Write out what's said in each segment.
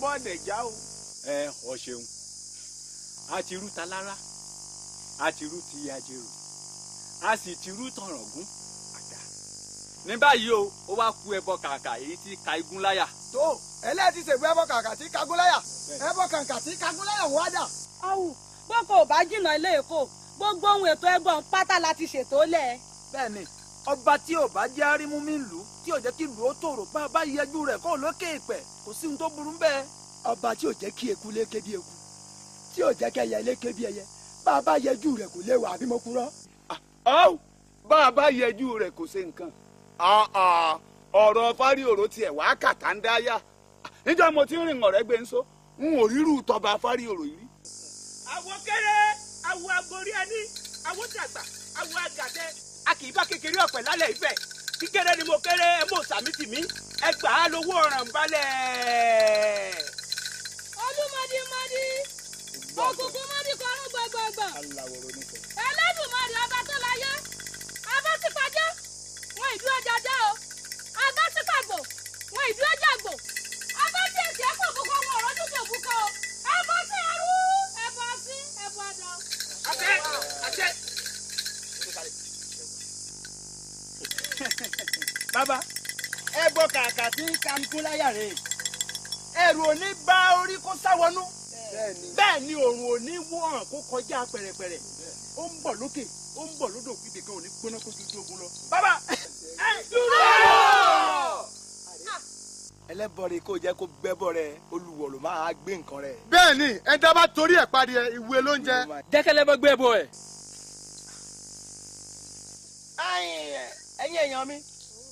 bọ́ọ̀dẹ̀ já o. ẹ ọ ṣeun a ti rú ta lára a ti rú ti ajérò a sì ti rú tọ̀rọ̀gún àdá ní báyìí o ó wá ku ẹbọ kàkà èyí tí ka igun láyà. tó ẹlẹ́ẹ̀tì ṣègbè ẹbọ kàkà tí kagún láyà ẹbọ kàkà tí kagún láyà wọ́n á dà. awù bọ́kọ̀ ò bá jìnnà ilé èkó gbogbo ohun ètò ẹgbọ̀n pátá la ti ṣètò lẹ̀. bẹ́ẹ̀ni ọba tí ò bá jẹ́ arímú mi lù tí yóò jẹ́ kí ìlú ó tòrò bá a bá yẹjú rẹ̀ kó lókè ìpẹ́ kò sí ohun tó burú bẹ́ẹ̀. ọba tí yóò kí eku lé bí eku tí yóò jẹ́ kí ẹyẹ ẹyẹ bá a bá yẹjú rẹ̀ kò léwu àbí mo kúrò. ọ́ bá a bá yẹjú rẹ̀ kò ṣe nǹkan ọ̀rọ̀ tiẹ̀ ń dáyà níjọ́ mo ti rìn ọ̀rẹ́ gbé ń n ò a kì í kékeré ọ̀pẹ̀ lálẹ́ ìfẹ́ kíkéré ni mo kéré ẹ mọ sàmì tì mí ẹ gbà á lówó ọ̀ràn balẹ̀. olúmọdémọdé òkùnkùn mọdé kọrún gbọgbọgbọ ẹlẹ́dùnmọdé ọba tó láyé ọba ti pàjẹ́ wọn ìdúró jàjà o ọba ti pàgbò wọn ìdúró jàgbò ọba ti èsì ẹ̀kọ́ òkùnkùn wọn ọ̀rọ̀ dúdú òkùnkùn o ẹ̀bọ sí ẹrú ẹ̀bọ sí ẹ̀bọ àdán. àṣẹ àṣẹ. Baba, ẹ gbọ́ kàkà tí ń ka nkú láyà rẹ̀ ẹrù ò ní bá orí kó sáwọnú bẹ́ẹ̀ ni òrùn ò ní wọ̀n kó kọjá pẹ̀rẹ̀pẹ̀rẹ̀ ó ń bọ̀ lókè ó ń bọ̀ lódò ibì kan ò ní gbóná kó dúdú ogun lọ. bàbá ẹ dúró. ẹlẹ́bọ̀rẹ̀ kò jẹ́ kó gbẹ́bọ̀ rẹ olùwọ̀ ló máa gbé nǹkan rẹ. bẹ́ẹ̀ni ẹ dábàá torí ẹ parí ẹ ìwé ló ń jẹ. dẹkẹlẹbọ gbẹbọ ẹ. èèyàn mi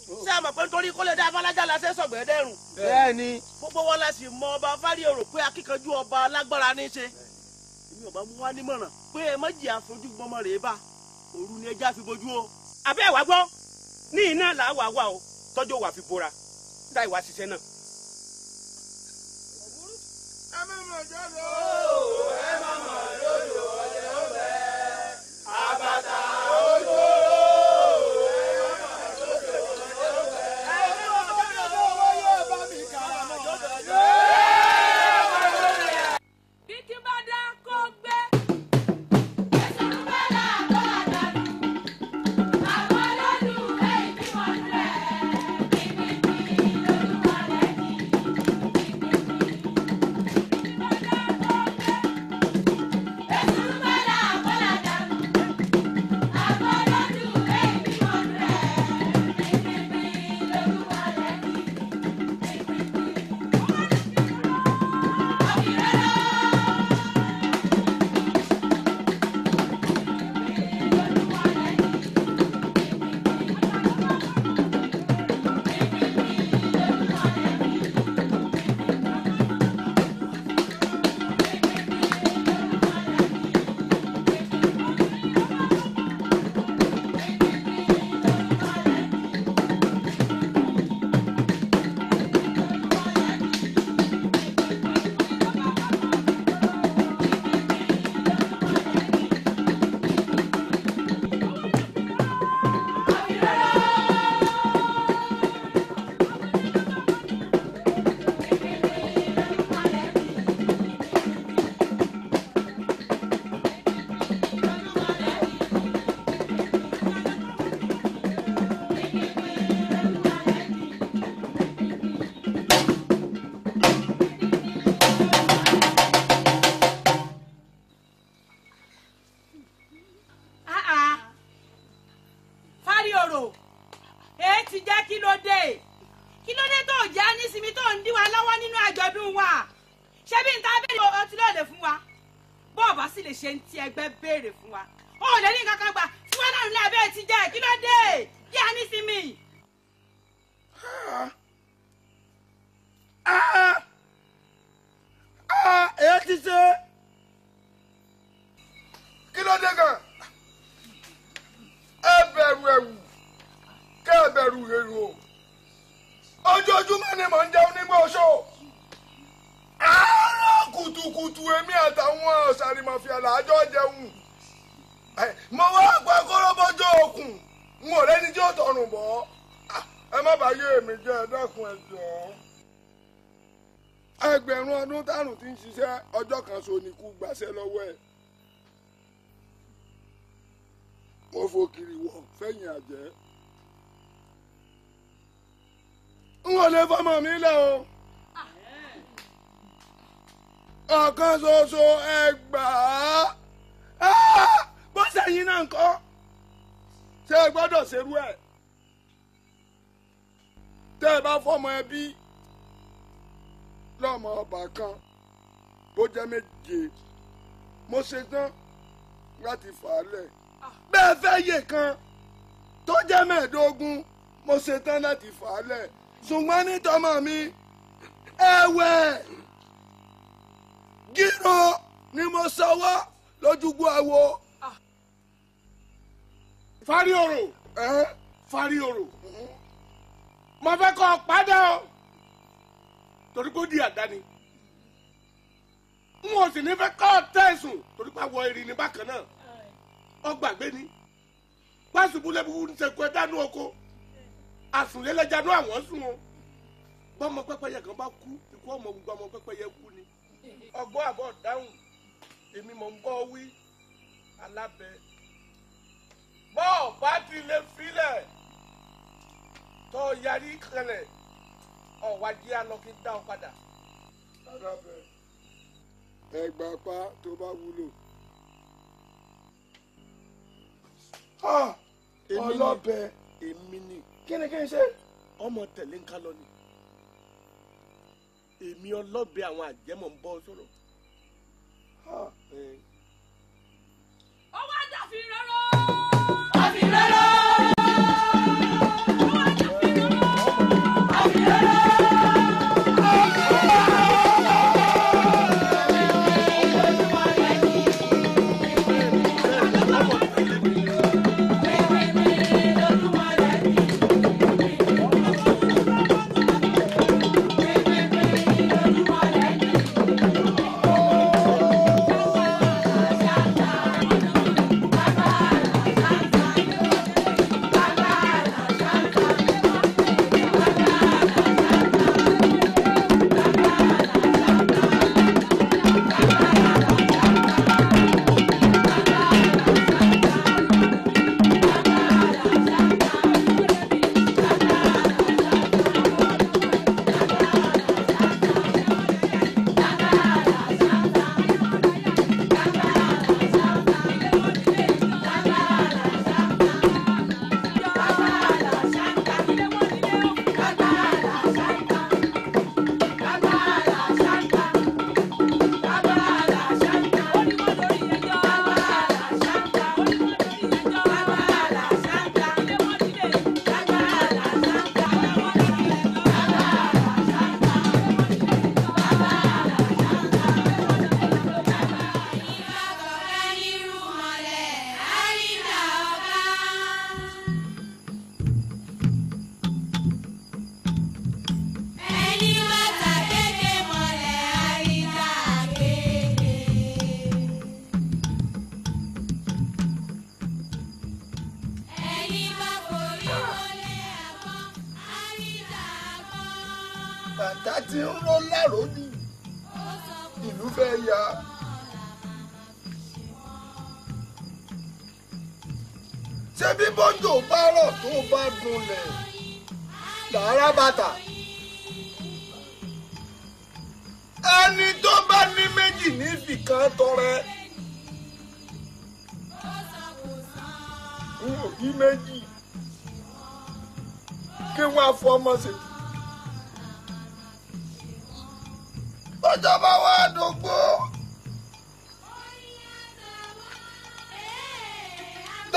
ṣé àmọ̀ pé nítorí kó lè dá afálájà láṣẹ sọ̀gbẹ́ dẹ́rùn. bẹ́ẹ̀ni. gbogbo wọn la sì mọ ọba fárírò pé akíkanjú ọba alágbára ní í ṣe. èmi ọba mú wá nímọ̀ràn pé ẹ mọ̀jì àfojú gbọmọ rèé bá òru ni ẹja fi bojú o. àbẹ́ ẹ̀ wá gbọ́ ní iná là á wà wá o tọ́jú wà fi bora dá ìwà ṣiṣẹ́ náà. ẹ má mọ̀ jáde ooo. kan ṣoṣo ẹ gbà á bó sẹ́yìn náà kọ́ ṣé ẹ gbọ́dọ̀ ṣerú ẹ̀ tẹ́ ẹ bá fọmọ ẹbí lọ́mọ ọba kan bó jẹ́ méje mo ṣe tán láti fà á lẹ̀ bẹ́ẹ̀ fẹ́ yè kan tó jẹ́ mẹ́ẹ̀ẹ́dógún mo ṣe tán láti fà á lẹ̀ ṣùgbọ́n ní tọmọ mi ẹ̀wẹ̀ gírò ni mo sanwó lójúgbó awo. farioro farioro mo fẹ́ kọ́ ọ padà o torí kó di àdáni n ò sì ní fẹ́ kọ́ ọ tẹ̀sùn torí pé àwọ̀ èrì ni bákan náà ọgbàgbé ni pàṣípùlẹ́bù ń sẹ́kù ẹ̀ dánú oko àsùnlélẹ́jà ní àwọn sùn o bọ́mọ pẹ́pẹ́yẹ kan bá kú ikú ọmọ gbogbo ọmọ pẹ́pẹ́yẹ kú ni ọgbọ́n àbọ̀ dáhùn èmi mọ̀ ń bọ́ wí alábẹ bọ́ọ̀ bá ti lè filẹ̀ tó yarí kẹlẹ̀ ọ̀wájú alọ́kí dá ọ padà. alábẹ ẹgbàá pa tó bá wúlò. Ah, ọlọ́bẹ èmi ni. kí ni kí n ṣe. ọmọ tẹ̀lé ń ká lọ ni èmi ọlọ́bẹ àwọn àjẹmọ̀ ń bọ́ sọ̀rọ̀. Eh. ó wá dàfin rárá. dàfin rárá. ṣé bí bọ́njò bá rọ̀ tó bá dunlẹ̀ làárá bàtà ẹni tó bá ní méjì ní fìkan tọrẹ n ò bí méjì kí wọ́n á fọmọ sí. ọjọ́ bá wà dógbó.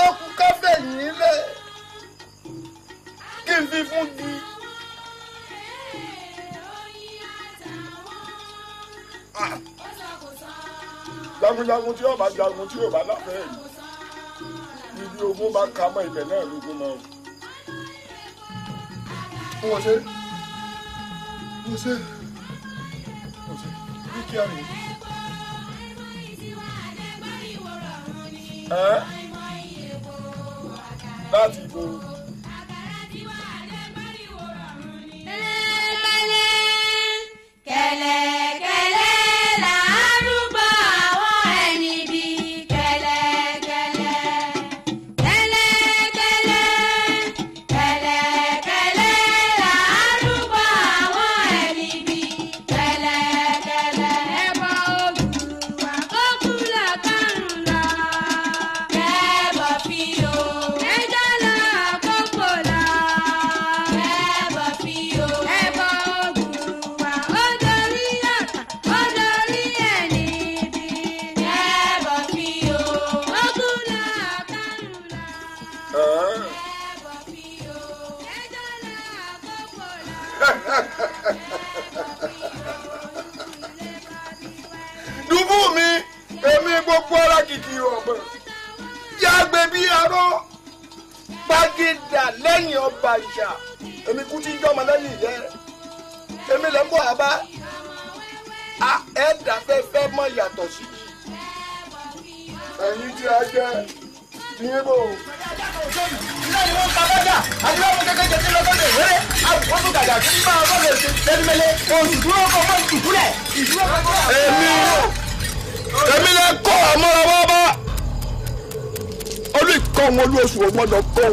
tó kú káfẹ́ yìí lẹ̀ kí n fi fún di. jagunjagun tí yóò bá jagun tí yóò bá láfẹ̀ẹ́ yìí ibi ogun bá ka mọ́ ibẹ̀ náà lógun mọ́ o. mo ṣe mo ṣe mo ṣe ní kí á nìyí. 哎。Uh? láti ìgboro. kẹlẹ kẹlẹ.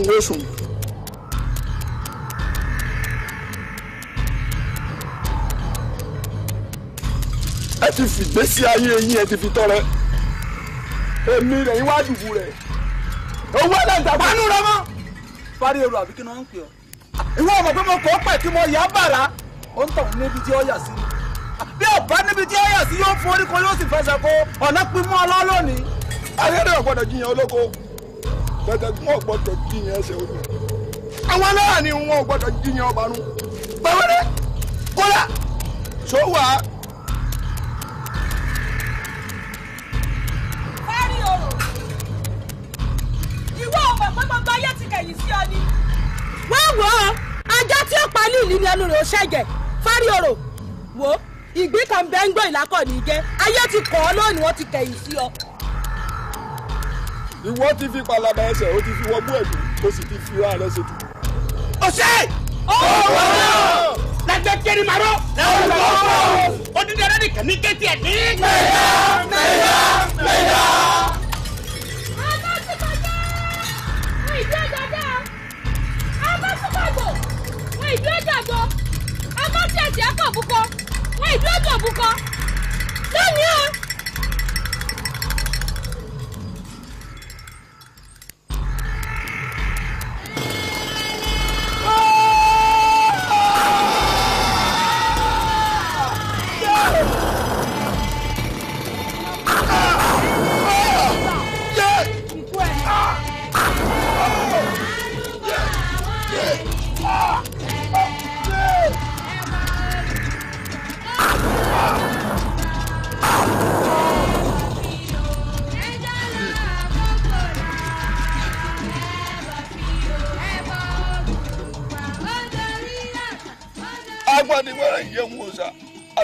wo sùn. ẹ ti fìgbésí ayé yín ẹ ti fi tọrẹ èmi rẹ̀ yín wá dùbù rẹ̀ owó ẹlẹ́ǹta bá nù rẹ mọ́. parí èrò àbí kí ni wọ́n ń pè ọ́. ìwọ ọmọ pé mo kọ́ pẹ̀ tí mo yà á bàrà ó ń tàn níbi tí ó yà sí. bí ọ̀bá níbi tí ó yà sí yóò forí kọ yóò sì fẹsẹ̀ kó ọ̀nà pín mọ́ ọ lọ́ọ́ lónìí. ọ̀gbọ́dọ̀ jiyàn olóko pẹ̀tẹ̀kún ò gbọ́dọ̀ jiyàn ẹsẹ̀ odò àwọn alára ni wọn gbọ́dọ̀ jiyàn ọba nu pẹ̀wẹ́rẹ́ kọ́lá sọ́wọ́ a. fárí òrò ìwọ ọmọ gbọgbọgbọ ayé ti kẹ̀yìn sí ọ ni. wá wò ó ajá tí ó pa ní ìlú ni ẹnu rẹ̀ ó ṣẹ̀jẹ̀ fárí òrò wò ìgbín kan bẹ́ẹ̀ ń gbọ́ ìlákọ̀ nìyí ayé ti kọ̀ ọ́ lónìí wọ́n ti kẹ̀yìn sí ọ ìwọ ti fi palaba ẹsẹ̀ o ti fi wọgbó ẹ̀dùn o sì ti fi ra rẹ ṣètò. ọ̀sẹ̀ ọ̀wọ́ lajọ kiri maro lọ́wọ́ odidi ẹ̀rọ nìkan ní kéèké ẹ̀ ní. mẹ́ta mẹ́ta mẹ́ta. ọba tí mo jẹ́ wọ́n ìjọ dáadáa ọba tí o.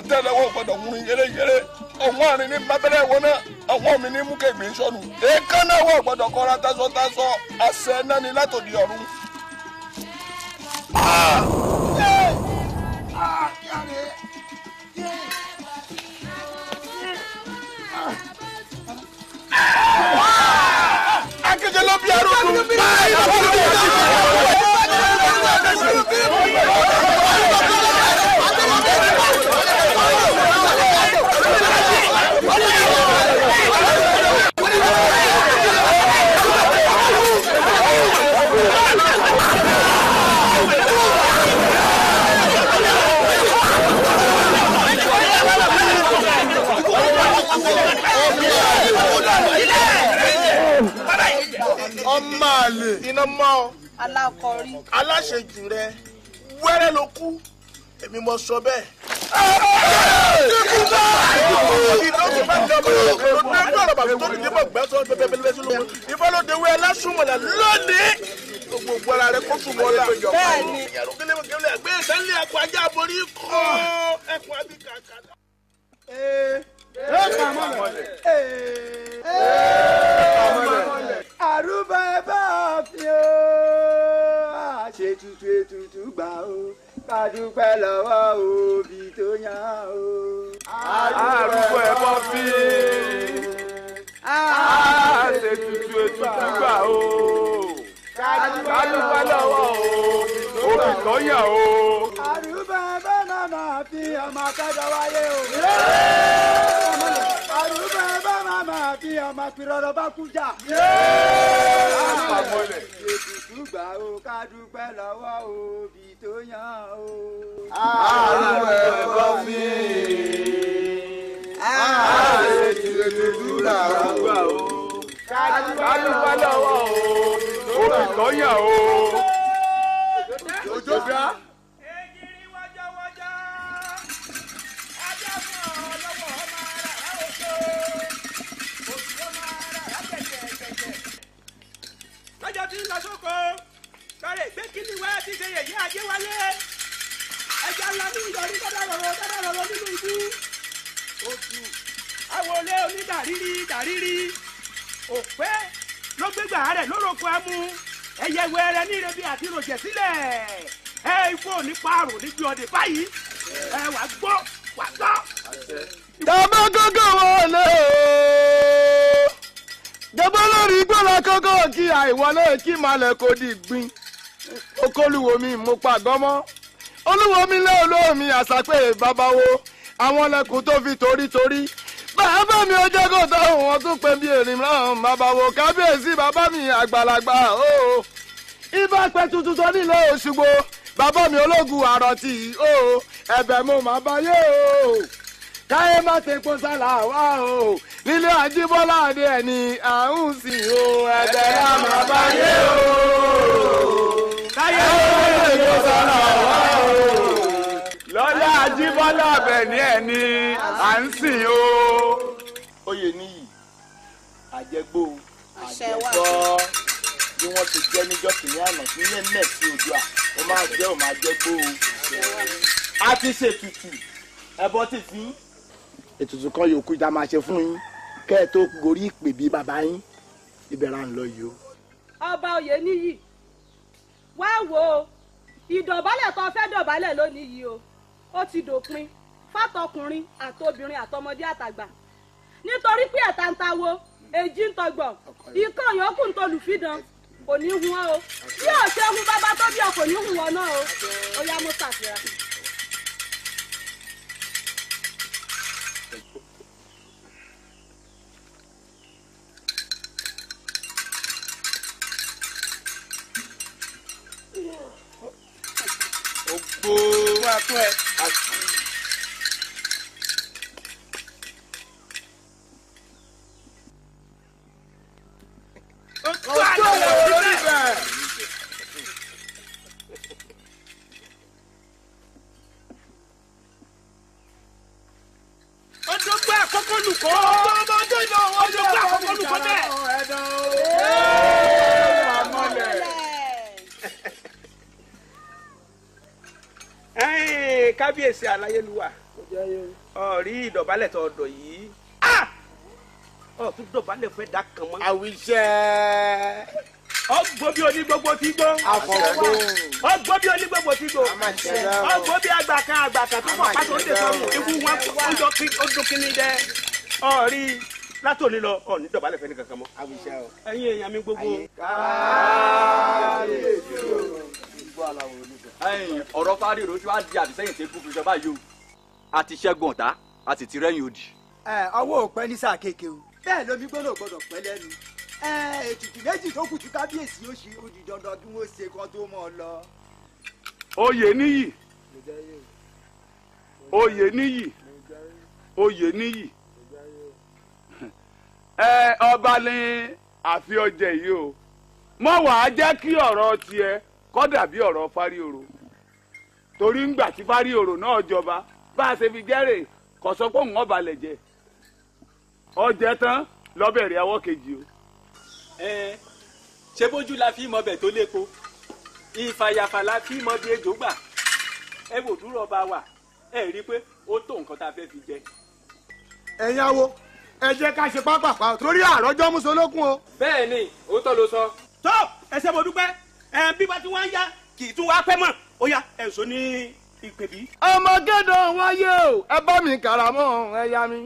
tẹ́lẹ̀ wọ́n gbọ́dọ̀ wúrin yéreyére ọ̀wọ́n àrin ní bábẹ́rẹ́ wọn náà ọ̀wọ́n mi ní mú kẹgbẹ́ sọnù. èèkàn náà wọ́n gbọ́dọ̀ kọ́ra tásọtásọ àṣẹ náà ni látòdì ọ̀run. akéde ló bí ẹrú báyìí ọmọ àlè iná mọ́ ọ alákọ̀ọ́rí aláṣejù rẹ wẹ́rẹ́ ló kú èmi mọ sọ bẹ́ẹ̀. ìfọlọ́dẹ̀wé ẹlásùmọ̀lá àrùbá ẹ bá fi ó àṣetutù ètùtù gbà ó kàdúpẹ́ lọ́wọ́ òbí tó yàn ó. àrùbá ẹ bá fi àṣetutù ètùtù gbà ó kàdúpẹ́ lọ́wọ́ òbí tó yàn ó. àrùbá ẹ bá nànà fi ọmọ kẹjọ wáyé o máa bí ọmọ pìrọ̀rọ̀ bá kú jà. ètùtù gbà ó ká dúpẹ́ lọ́wọ́ òbí tó yàn ó. àrùn ẹ̀fọ́ fi ètùtù gbà ó gbà ó. ká dúpẹ́ lọ́wọ́ òbí tó yàn ó. òjò ti ń lọ sóko bẹ̀rẹ̀ ìgbé kíní wẹ́ẹ́ ti ṣe yẹ̀yẹ́ ajé wálé ẹja ńlá ní ìyọrí tó dárọ̀rọ̀ tó dárọ̀rọ̀ nínú ibú òtù awolé onídàrírí dàrírí òpé ló gbégbà rẹ̀ lórúkọ amú ẹyẹ wẹrẹ ní ìrẹbí àti ròjẹ sílẹ̀ ẹ ifo nípa àrùn níbi ọdẹ báyìí ẹ wà gbọ́ wà gbọ́. tàbá gógó wọlé o gẹ́gbẹ́ lórí igbóla kọ́kọ́ kí àìwọ náà kí malẹ̀ kò di gbin okòlùwò mi mo pàgọ́ mọ́ olúwo mi lé olówó mi àṣàpè babawo àwọn ọlẹ́kùn tó fi torítorí bàbá mi ó jẹ́ kó wọn tún pè bí èrìn láwọn babawo kábíyèsí bàbá mi àgbàlagbà o ibà pẹ́ tuntun tó nílé Òṣogbo bàbá mi ológun àròtì o ẹ̀bẹ̀ mo máa bá yé o káyé má ti pọ́sálà wá o nílé àjíbọ́lá àdé ẹ̀ ni à ń sìn o ẹ̀bẹ̀ yà máa bá yé o. táyé ló lè tó sọ̀rọ̀ wá o. lọ́lá àjíbọ́lá ọ̀bẹ̀ ni ẹ̀ ni à ń sìn o. oyè níyì àjẹgbó àjẹgbọ́ bí wọ́n ti jẹ́ níjọ́ kìnìún àná nílé mẹ́ẹ̀sì òdua ó máa jẹ́ ò máa jẹ́ o. a ti ṣètùtù ẹbọ ti fi. ètùtù kan yòókù tá a máa ṣe fún yín kẹ́ ẹ tó gorí ìpè bíi bàbá yín ìbẹ̀rẹ̀ à ń lọ yìí o. ọba oyè níyì wá wo ìdọ̀bálẹ̀ tó fẹ́ dọ̀bálẹ̀ lónìí yìí o ó ti dòpin fátọkùnrin àtobìnrin àtọmọdé àtàgbà nítorí pé ẹ̀ta ń tawó èjì ń tọgbọ̀ ikán yòókù ń tolùfídàn kò ní hun ọ́ o bí ọ̀ṣẹ́ hun bàbá tó bí ọ kò ní hun ọ náà o ó yá mú sàfihàn. fún atún ẹ àti. Ojú ọ̀la kábíyèsí aláyélúwà ọ̀rí ìdọ̀bálẹ̀ tó ọ̀dọ̀ yìí ọ̀ tún dọ̀bálẹ̀ fẹ́ da kàn mọ́. àwùjẹ́. ọgbọ́n bí onígbogbo ti gbó. àfọ̀gbó. ọgbọ́n bí onígbogbo ti gbó. ọgbọ́n bí agbàkan agbàkan tó pọ̀ pàtó lè sọ̀rọ̀ ewu wọn ọjọ́ kí ọdún kìíní jẹ́ ọ̀rí látòní lọ ọ̀ní dọ̀bálẹ̀ fẹ́ ní kankan mọ́. àwùjẹ́ o. ẹ̀yin èèyàn mi gbogbo. káàáyé ìṣòro ìgbọ́ àlàwò ni ọ̀rọ̀ fáríro tí wàá di àbísẹ́yìn tí kú fìjọba yìí o àti ṣẹ́gun ọ̀tá a sì ti rẹ́yìn òdì. ọwọ́ ò ní sáà kéèké o bẹ́ẹ̀ lomi gbọ́dọ̀ gbọ́dọ̀ pẹ́ lẹ́nu ètùtù méjì tó kù tí kábíyèsí ó ṣe ó dandan kí wọ́n ṣe kan tó mọ̀ ọ́ lọ. oyè níyì oyè níyì oyè níyì ọba ní àfi ọjẹ yìí o mọ wàá jẹ́ kí ọ̀rọ̀ tiẹ̀ kọ dàbí ọ̀rọ̀ fáríoro torí ńgbà tí fárí òrò náà jọba bá a ṣe fi jẹ́rè kò sọ pé òun ọba lẹ̀ jẹ ọjẹ tán lọ́bẹ̀rẹ̀ ọwọ́ kejì o. ẹ ṣe bójú la fi mọ ọbẹ̀ tó lépo ìfàyàfà la fi mọ bí ejò gbà ẹ wò dúró ọba wa ẹ rí i pé ó tó nǹkan tá a fẹ́ fi jẹ. ẹ̀yin awo ẹ jẹ́ ká ṣe pápápá torí àròjọ́ musolókun o. bẹ́ẹ̀ ni òótọ́ ló sọ. tó ẹsẹ̀ mo dúpẹ́ ẹ̀ bí bá ti wá ń yá kì í tún wá pẹ́ mọ́. ó yá ẹ̀sọ́ ní ìpè bí. ọmọgédò wáyé o ẹ bá mi karamọ ẹ yá mi.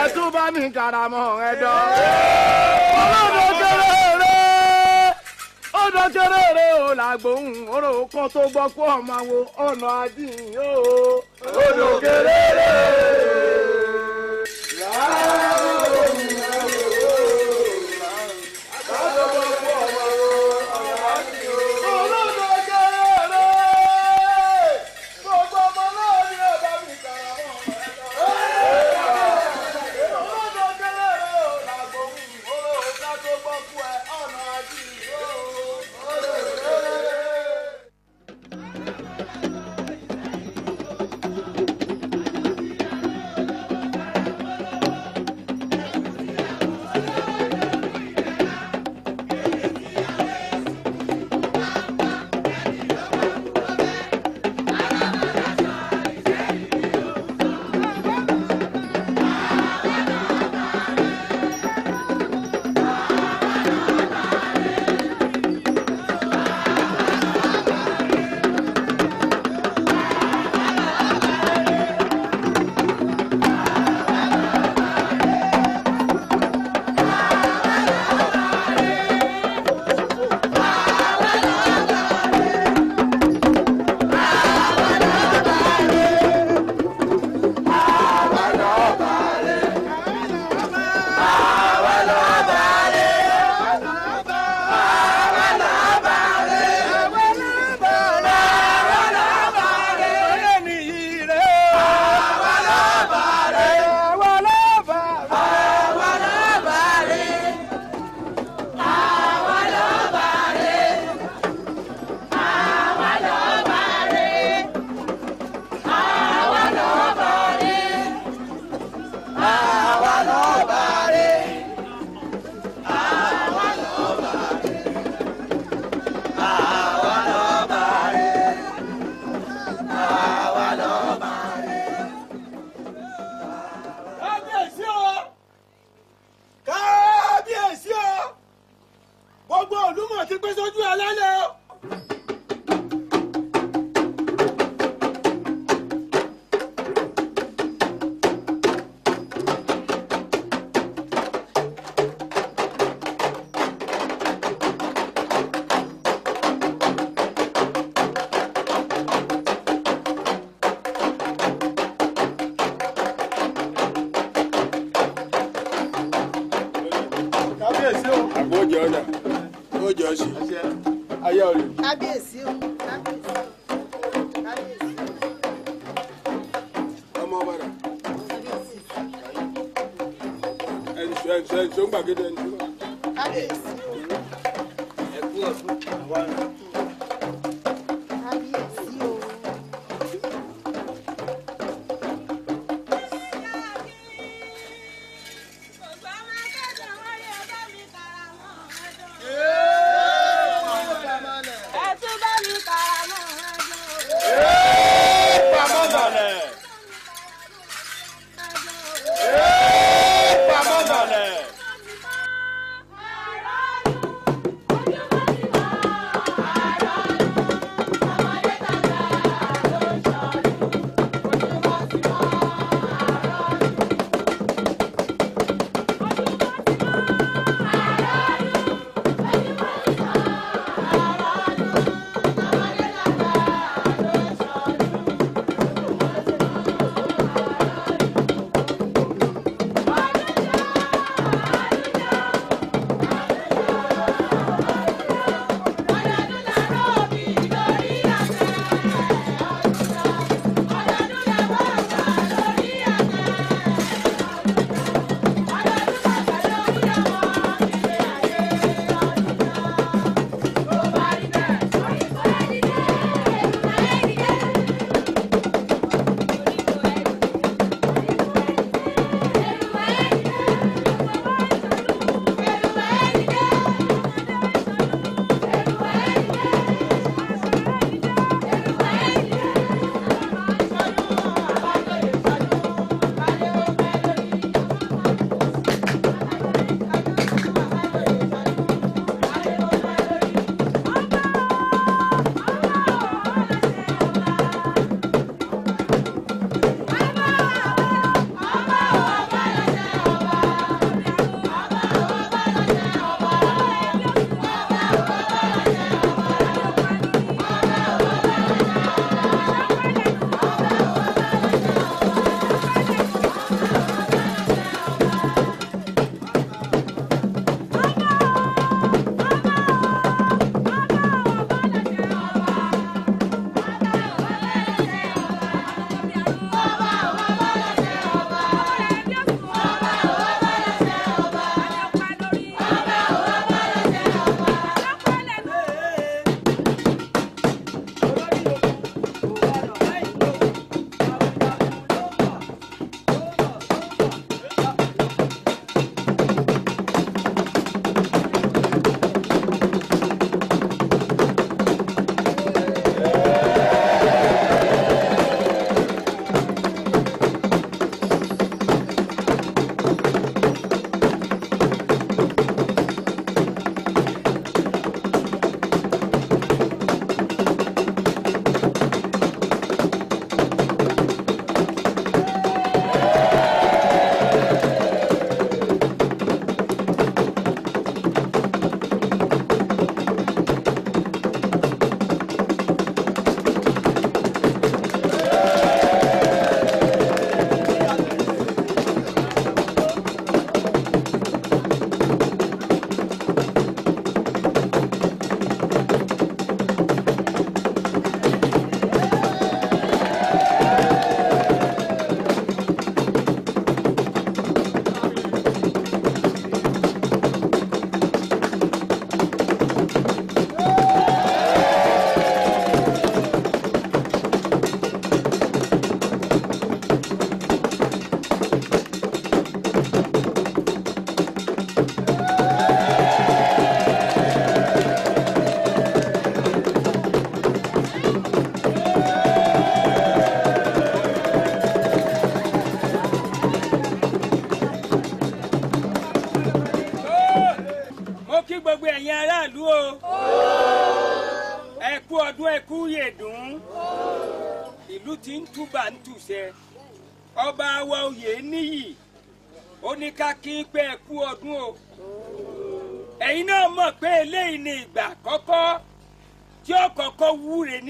ẹ tún bá mi karamọ ẹ dọ. ọlọ́dọ̀ kéré rẹ̀ Ọdọ kéré rẹ̀ ò làgbóhùn oró kan tó gbọ́ kó ọmọ wo ọ̀nà àdìyàn o. ẹ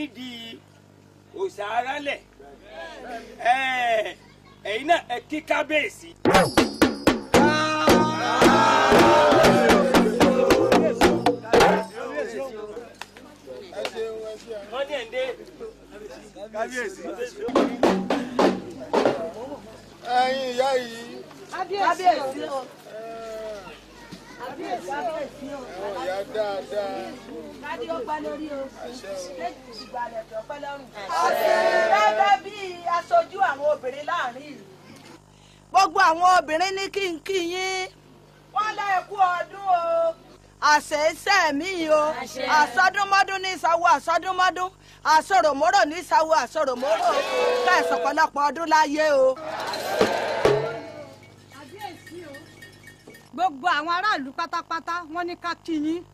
nídìí òòṣà arálẹ̀ ẹ̀yin náà ẹ kí kábíyèsí. wọ́n ìyá yìí. kábíyèsí ìyá dáadáa. kádì ó pẹ́ lórí o méjì ìgbàlẹ̀ tó pẹ́ lọ́rùn. gẹ́gẹ́ bí aṣojú àwọn obìnrin láàrin ìlú. gbogbo àwọn obìnrin ní kí n kí yín. wọ́n lé ẹ̀kú ọdún o. àṣẹ iṣẹ́ mi o àṣọdúnmọ́dún ní ìsanwó àṣọdúnmọ́dún àṣọròmọ́rò ní ìsanwó àṣọròmọ́rò kẹ́sàn-án pọ̀lọpọ̀ ọdún láyé o gbogbo àwọn aráàlú pátápátá wọ́n ní ká kí yín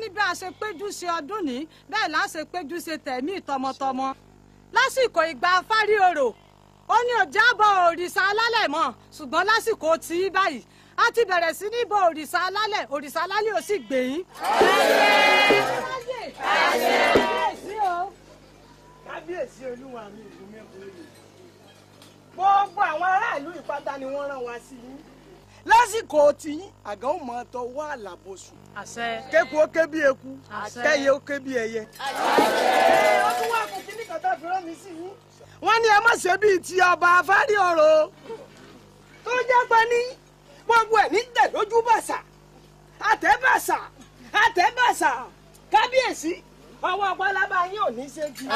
ní bí a ṣe péjú ṣe ọdún ní bẹ́ẹ̀ là á ṣe péjú ṣe tẹ̀mí tọmọtọmọ lásìkò ìgbà afárí orò ó ní òjá bọ òrìṣà alálẹ̀ mọ́ ṣùgbọ́n lásìkò tí í báyìí a ti bẹ̀rẹ̀ sí ní bọ òrìṣà alálẹ̀ òrìṣà alálẹ̀ ò sì gbè kábíyèsí olúwa mi ìlú mẹ́kúrò gbogbo àwọn aráàlú ìpátá ni wọ́n rán wa sí yín lásìkò tìyín àgà ó máa tọ wá àlàbò sùn. àṣẹ. kéku ó ké bí eku. àṣẹ. kẹyẹ ó ké bí ẹyẹ. àṣẹ. ó tún wà fún kíní kàtà fúnra mi sí yín. wọ́n ní ẹ má ṣe bíi ti ọba afárí ọ̀rọ̀ tó jẹ́ pé ní gbogbo ẹ̀ ní tẹ̀ lójú bàṣà àtẹ̀bàṣà àtẹ̀bàṣà kábíyèsí ọwọ́ ọ̀pọ̀ alábàáyé ò ní ṣe jù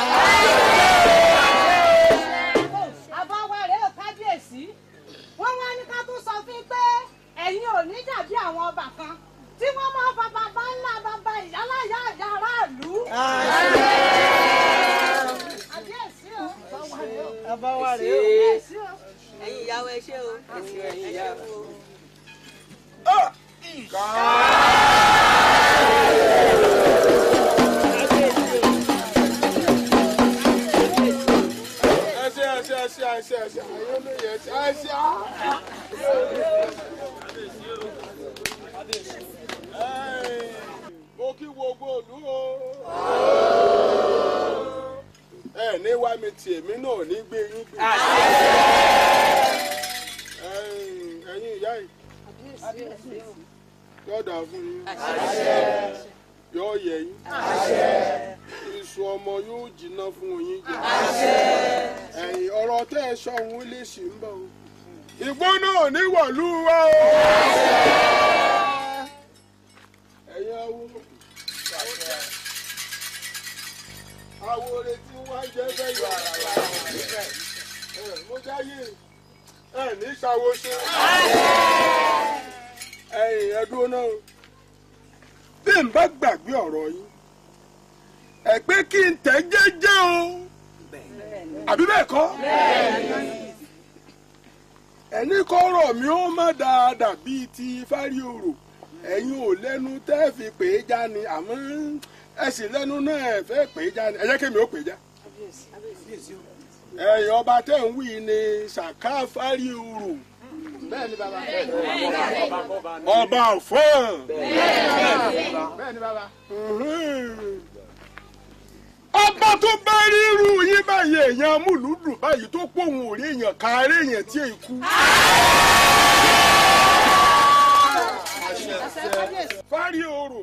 wọ́n wá ní ká tún sọ fún pé ẹ̀yin ò ní dàbí àwọn ọba kan tí wọ́n máa fa bàbá ńlá bàbá ìyáláyà àyà aráàlú. àbíyèsí o bàbá wa o ẹ̀yin ìyàwó ẹ ṣé o ah! ẹsẹ̀ ẹsẹ̀ ayé olóye ẹsẹ̀ ẹsẹ̀ mo kí gbogbo òlú o ẹ ní wá mi tì èmi náà ní gbé yín gbé ẹ̀yin ìyá yìí yọ̀ọ̀dà fún yín yọ̀ọ̀ yẹ yín èso ọmọ yóò jìnnà fún yín jẹ. ẹ̀yìn ọ̀rọ̀ tẹ́ ẹ sọ òun lè sì ń bọ̀ ìgbóná ò wa o. ẹ̀yin awo awo retí wá jẹ́ bẹ́ẹ̀ yọ ara wa mo jáyé ẹ̀ ní ìṣàwọ̀ṣe. ẹ̀yin ẹ̀dúró náà bí n bá gbàgbé ọ̀rọ̀ yín. ẹ ki kí n tẹ̀ jẹ́jẹ́ o àbí bẹ́ẹ̀ kọ́ ẹni mi ó má dáadáa bíi ti fari ẹ̀yin ò lẹ́nu tẹ́ fi pè ni àmọ́ ẹ sì lẹ́nu náà ẹ fẹ́ pè é já ni ẹ jẹ́ ó pè é já ẹ̀yin ọba tẹ́ ń wí ni ṣàká ọba ọba tó bá ríru yín báyìí èèyàn amúlùúdùn báyìí tó pòun ò rí èèyàn kárẹ́ èèyàn tí èyí kú. fárí orò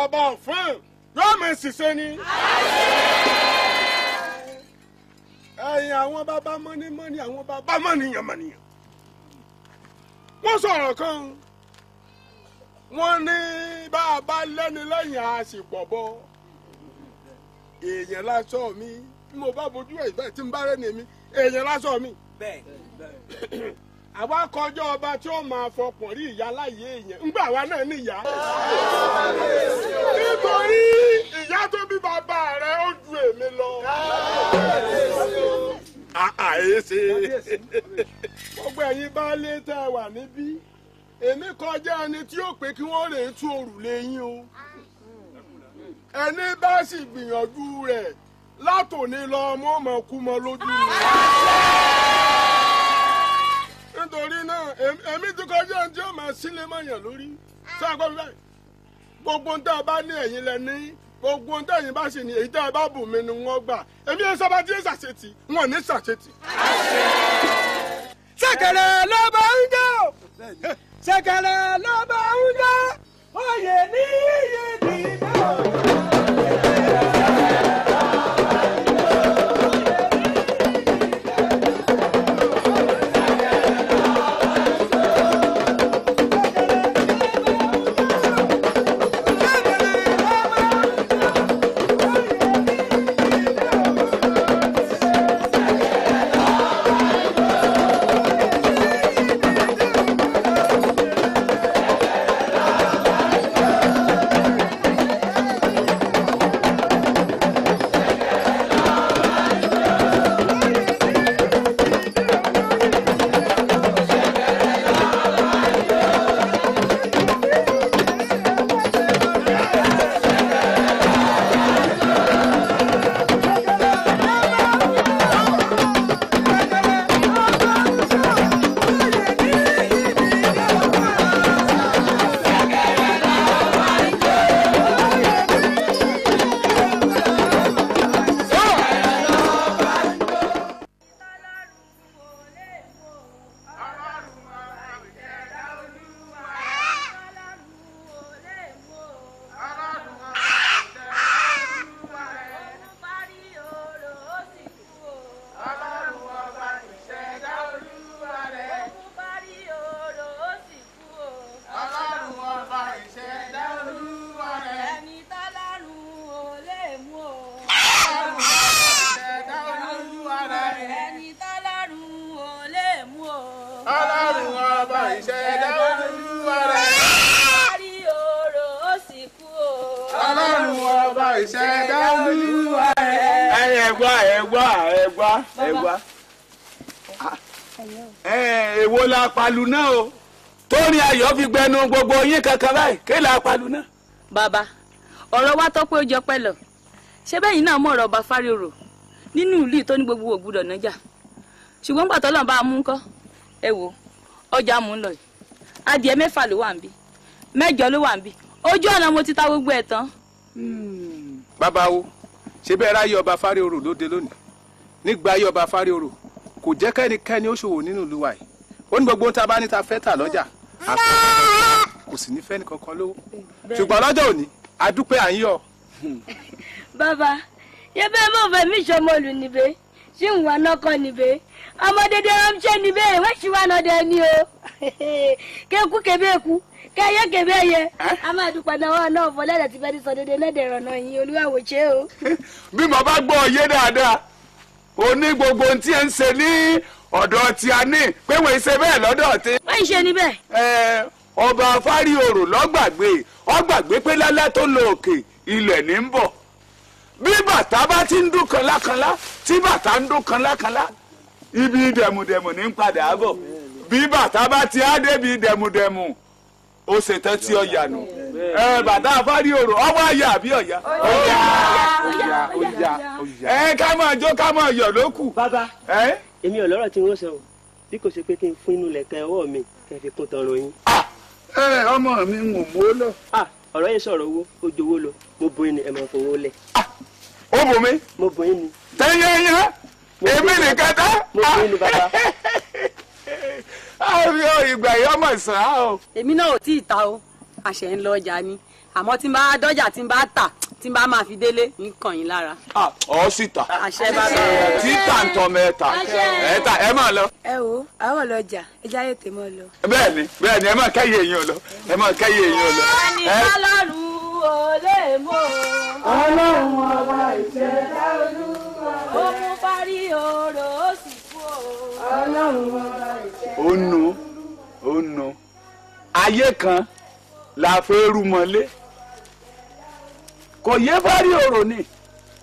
ọba ọ̀fọ́n yóò mọ̀ ṣiṣẹ́ ni. ẹ̀yin àwọn bàbá mọ́nímọ́ní àwọn bàbá mọ́níyàn mọ́níyàn. wọ́n sọ̀rọ̀ kan wọ́n ní bá a bá lẹ́ni lẹ́yìn àṣìpọ̀ bọ́. èèyàn lásọ mi mo bá bojú ẹ̀ bẹ́ẹ̀ tí n bá mi èèyàn lásọ mi. àwa kọjọ ọba tí ó máa fọkàn rí ìyá láyé èèyàn ńgbà wa náà níyà. nítorí ìyá tó bí bàbá rẹ̀ ó ju lọ. gbogbo bá lé wà níbí èmi kọjá ẹni tí yóò pé kí rè é òrùlé o. ẹni bá sì gbìyànjú rẹ̀ látòní lọ mọ́ mọ́ kú mọ́ lójú mi. nítorí náà èmi ti kọjá ẹni tí ó máa sílé mọ̀yàn lórí sáà gbọ́ mi báyìí gbogbo ń tá a bá ní ẹ̀yìn lẹ ní gbogbo ohun tẹ̀yìn bá ṣe ni èyí tẹ́ ẹ bá bù mí ni wọ́n gbà èmi ẹ sábà tí ẹ ṣàṣetì wọn ní ṣàṣetì. ṣẹ̀kẹ̀rẹ̀ ló bá ń jó ṣẹ̀kẹ̀rẹ̀ ló bá ń jó oyè ní iyè ní bẹ́ẹ̀. kankan báyìí kí là á palu náà. bàbá ọ̀rọ̀ wa tọ́ pé ó jọ pẹ́lọ̀ ṣé bẹ́yìn náà mọ̀ ọ̀rọ̀ ọba fáriorò nínú ìlú tó ní gbogbo ògbúdọ̀ nájà ṣùgbọ́n pàtó lọ́nà bá a mú ń kọ́ ẹ wo ọjà mú ń lọ yìí adìẹ mẹ́fà ló wà ń bí mẹ́jọ ló wà ń bí ojú ọ̀nà mo ti ta gbogbo ẹ̀ tán. Hmm. bàbá wo ṣé bẹ́ẹ̀ ráyè ọba fáriorò lóde lónìí nígbà ayé ọba fáriorò kò jẹ́ kẹ́nikẹ́ni ó ṣòwò nínú ìlú wa yìí ó ní gbogbo ohun tá a bá ní ta fẹ́ tà lọ́jà. kò sì ní fẹ́ni kankan lówó ṣùgbọ́n lọ́jọ́ òní a à ń yọ̀. bàbá yẹbẹ mọ mi sọmọ níbẹ̀ sí ń wà nọkọ níbẹ̀ ọmọ dédé ránṣẹ́ níbẹ̀ ìwé sì wà ni o kéku kébé ku kẹyẹ kébé náà náà sọ dédé o. bí gbọ́ ọ dáadáa ọ̀dọ̀ ti a ní pé wọ́n ṣe bẹ́ẹ̀ lọ́dọ̀ tí. wọ́n ṣe ni ọgbàgbé pé tó lọ òkè ilẹ̀ ní ń bọ̀ bí bàtà bá ti ń dún kanlákanlá tí bàtà ń ibi dẹ̀mùdẹ̀mù ní ń padà bí bàtà bá ti á débi dẹ̀mùdẹ̀mù ó ṣètò tí bàtà ọwọ́ àbí ẹ èmi ọlọ́rọ̀ tí wọ́n sọ bí kò ṣe pé kí n fún inú lẹ̀kẹ̀ ọwọ́ mi kẹ́ fi kún tọrọ yín. ẹ ọmọ mi ń wò mó lọ. Ah, ọ̀rọ̀ yìí sọ̀rọ̀ owó ó jowó lọ mo bo ẹni ẹ̀ máa fowó lẹ̀. Ah, ó bò mí. mo bo ẹni. tẹ́yẹ́yẹ́ èmi nìkan tán. mo bo ẹni bàbá. Ah, àbí ìgbà yìí ọmọ ìsàn á o. èmi náà ò tí ì ta o àṣẹ ń lọ ọjà ni àmọ́ tí n bá dọ́jà tí n bá tà tí n bá máa fi délé ń kàn yín lára. ọ sì tà títà ń tọ́ mẹ́ta ẹ̀ẹ́ta ẹ máa lọ. ẹ wo àwọn ọlọjà ẹja yóò tẹ̀ mọ́ lọ. bẹ́ẹ̀ni bẹ́ẹ̀ni ẹ máa kẹ́yìn èèyàn lọ ẹ máa kẹ́yìn èèyàn lọ. ẹni kálọ́rù olè mò. ọlọ́run ọba ìṣẹ̀dá olúwa. ó mú parí orò ó sì kú o. ọlọ́run ọba ìṣẹ̀dá ó nu ó nu ayé kan la fẹ́ rú mọ́lé. kò yé fárí ọ̀rọ̀ ni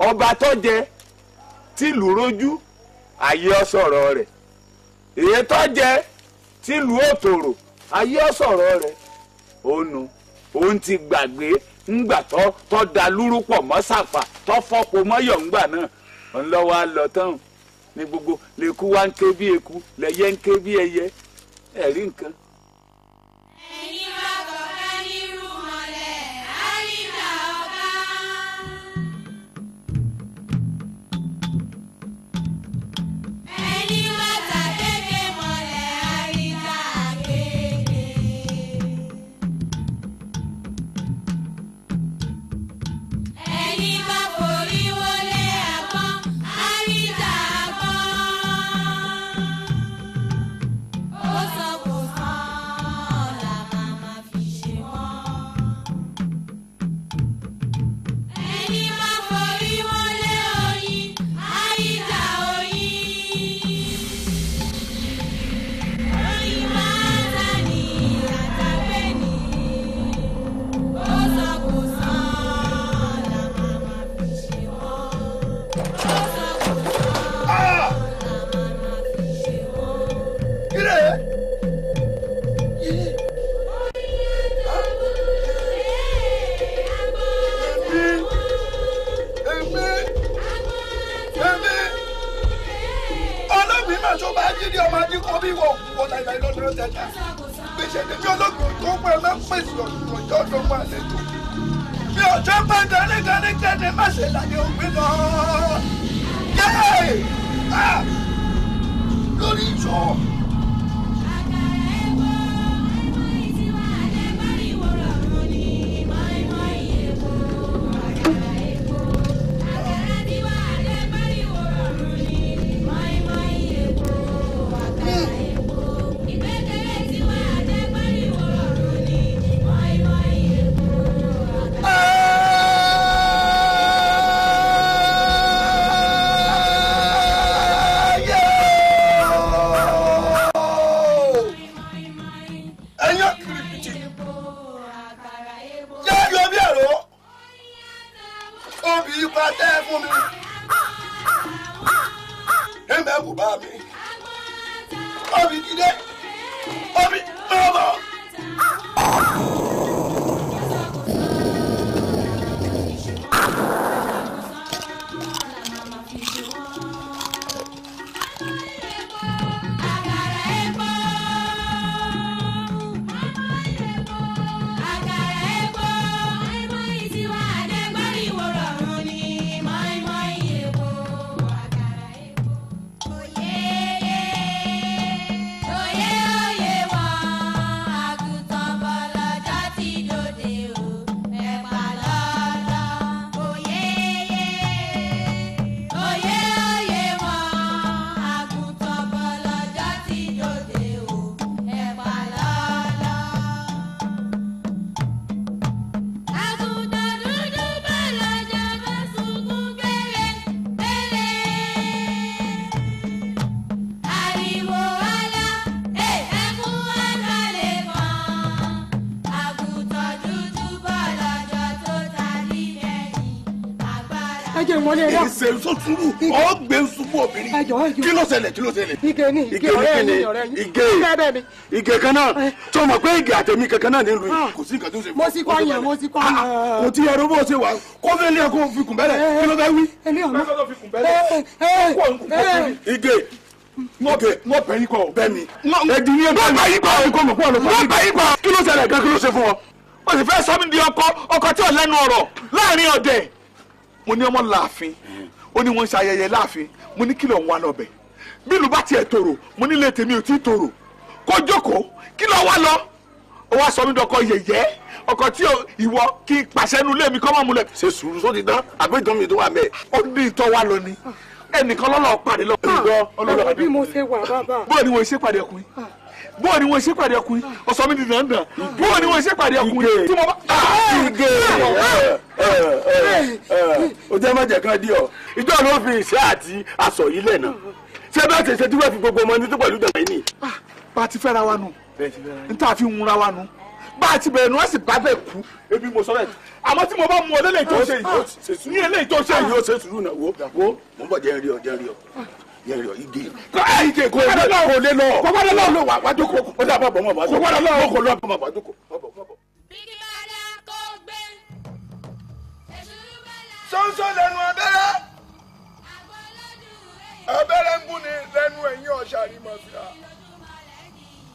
ọba tọ́jẹ jẹ tìlú rojú ayé ọ̀sọ̀rọ̀ rẹ̀ èyí tó jẹ tìlú òtòrò ayé ọ̀sọ̀rọ̀ rẹ̀ ònu òun ti gbàgbé ńgbà tó tó da lúrú pọ̀ mọ́ sàfà tó fọ́pọ̀ mọ́ yọ̀ǹgbà náà ńlọ́wọ́ á lọ ní gbogbo lèkú wa ń ké bí eku lẹ́yẹ ń ké bí ẹyẹ ẹ̀rí nǹkan ẹ jẹ ìmọ̀lẹ́ ẹ̀dá. ìṣe sọ́túrú ọ̀gbẹ́ nsúbú obìnrin kí ló ṣẹlẹ̀ kí ló ṣẹlẹ̀. ige ni ige ọ̀rẹ́ mi ọ̀rẹ́ yìí ige ige kan náà tí o mọ̀ pé ige àtẹ̀mí kankan náà nílùú yìí ah. kò sí nǹkan tó ṣe fún mi. mo ti kọ́ yẹn mo ti kọ́ ah, yẹn. Ah, kò tí ẹrú bó ṣe wà kó fẹ́ lé ẹkọ fi kùn bẹ́lẹ̀ kí ló fẹ́ wí. ige wọ́n bẹ̀ yín kọ́ bẹ́ẹ̀ ni ẹ̀dì ni ẹ̀dì wọ́n bẹ̀ yín kọ́ kí ló ṣẹlẹ̀ gan kí ló ṣe fún wọn. wọ́n sì fẹ́ sọ́mi di ọkọ ọkọ tí ò lẹ́nu ọ̀rọ̀ láàrin ọ̀dẹ̀ mo ní ọmọ láàfin ó ní wọ́n ń ṣayẹyẹ láàfin mo ní kí ló ń wá lọ́bẹ̀ bí ìlú bá tiẹ̀ tòrò mo nílé tèmi ò tí ì tòrò kó jókòó kí ló wá lọ ó wá sọ mí dọkọ yẹyẹ ọkọ tí ìwọ kí pàṣẹ nu lé mi kọ́ mọ́ mu lẹ. ṣe sùúrù sóti dán àbí ìtàn mi tó wà bẹ́ẹ̀. ó ní ìtọ́ wa lọ ni ẹnìkan lọ́lọ́ pàdé lọ́wọ́. Ah, bí mo ṣe wà bàbá. bọ́ọ̀ ni wọ́n ṣe pàdé ọkùnrin ah bóò ni wọ́n ṣe pàdé ẹkùn yìí ọ̀sọ́ mi ti dandan bóò ni wọ́n ṣe pàdé ẹkùn yìí tí mo bá. ìgè ah, ah! eh, ah! eh, eh. o jẹ́ mọ̀jẹ̀ kan dí ọ ìjọ ló fi ìṣe àti aṣọ yìí lẹ̀ ṣé bẹ́ẹ̀ ṣe ṣe tí fi gbogbo ọmọ ní tó pẹ̀lú dàgbà yìí nì. bá a ti fẹ́ra wa nù n tà fi ń ra wa nù bá a ti bẹ̀rẹ̀ ni wọ́n sì bá bẹ́ẹ̀ kú. ebi mo sọ bẹ́ẹ̀ àmọ́ tí mo bá mu ọ lélẹ́yìí tó ṣe yìí ní eléyìí tó ṣe yìí ó ṣe sùúrù náà wo mo ń bọ̀ jẹ́ ń rí ọ jẹ́ ń rí yẹrẹ ige ige ko ẹ lọ kò lè lọ kò gbọ́dọ̀ lọ lọ wà jókòó kò dà bọ bọ mọ bọ kò gbọ́dọ̀ lọ kò lọ bọ bọ jókòó bọ bọ bọ. bíkíbádá kò gbé èṣù bẹ́lẹ̀. sọ́nsọ́ lẹ́nu abẹ́rẹ́ abẹ́rẹ́ ń gún ni lẹ́nu ẹ̀yìn ọ̀ṣà rí mọ̀ fìlà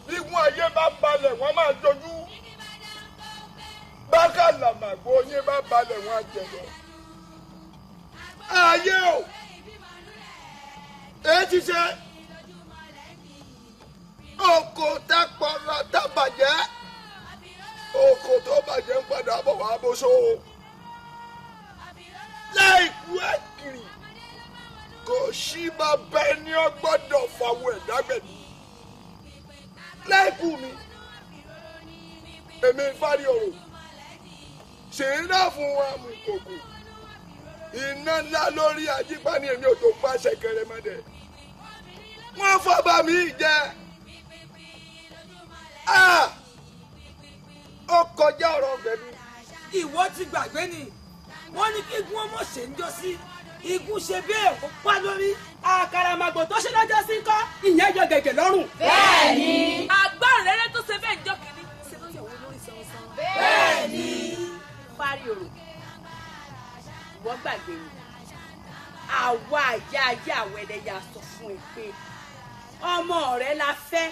bígun ayé bá balẹ̀ wọ́n máa dojú bákàlà màgbó yín bá balẹ̀ wọ́n á jẹ lọ. ayé o èyí ti ṣe oko tápọ̀lọ́ tábàjẹ́ oko tó bàjẹ́ ń padà bọ̀ wá bó so láìkú ẹ̀kìrì kò sí máa bẹ ní ọgbọ́dọ̀ fàwọn ẹ̀dá gbẹ̀dì láìkú mi èmi fárí ọ̀rọ̀ ṣèyíná fún wa mú kòkò iná ńlá lórí ajípa ní èmi ò tó pa ṣẹkẹrẹ mọ́dẹ̀ wọ́n fọba mi jẹ ah! ó kọjá ọ̀rọ̀ gbẹ̀mí. ìwọ ti gbàgbé ni wọ́n ní kí igun ọmọ ṣe ń jọ sí igun ṣe bẹ́ẹ̀ kó pa lórí àkàràmàgbò tó ṣe lọ́jọ́ sí kọ́ ìyẹn yọ gẹ̀gẹ̀ lọ́rùn. bẹ́ẹ̀ni. agbára rere tó ṣe bẹ́ẹ̀ jọ kìíní ṣe ló yẹ̀wò lórí sọ̀rọ̀sọ̀rọ̀. bẹ́ẹ̀ni. parí òrò wọ́n gbàgbé ni àwa àyà ayé àwọn ẹlẹ́yà sọ fún ẹ pé ọmọ rẹ la fẹ́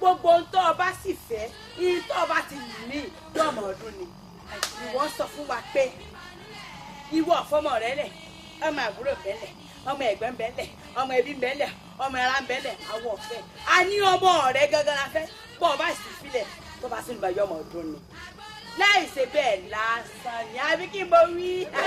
gbogbo ohun tó o bá sì fẹ́ irin tó o bá ti yìí ní dọ́mọ ọdún ni ìwọ sọ fún wa pé ìwọ ọ̀fọ́mọ rẹ lẹ̀ ọmọ àbúrò bẹ́lẹ̀ ọmọ ẹ̀gbọ́n bẹ́lẹ̀ ọmọ ẹbí bẹ́lẹ̀ ọmọ ẹran bẹ́lẹ̀ àwọn ọ̀fẹ́ a ní ọmọ rẹ gangan la fẹ́ bọ́ ọ bá sì filẹ̀ tó bá sì ń bàjẹ́ ọmọ ọdún ni láì ṣe bẹ́ẹ̀ lásán ni àbí kí n bọ wí.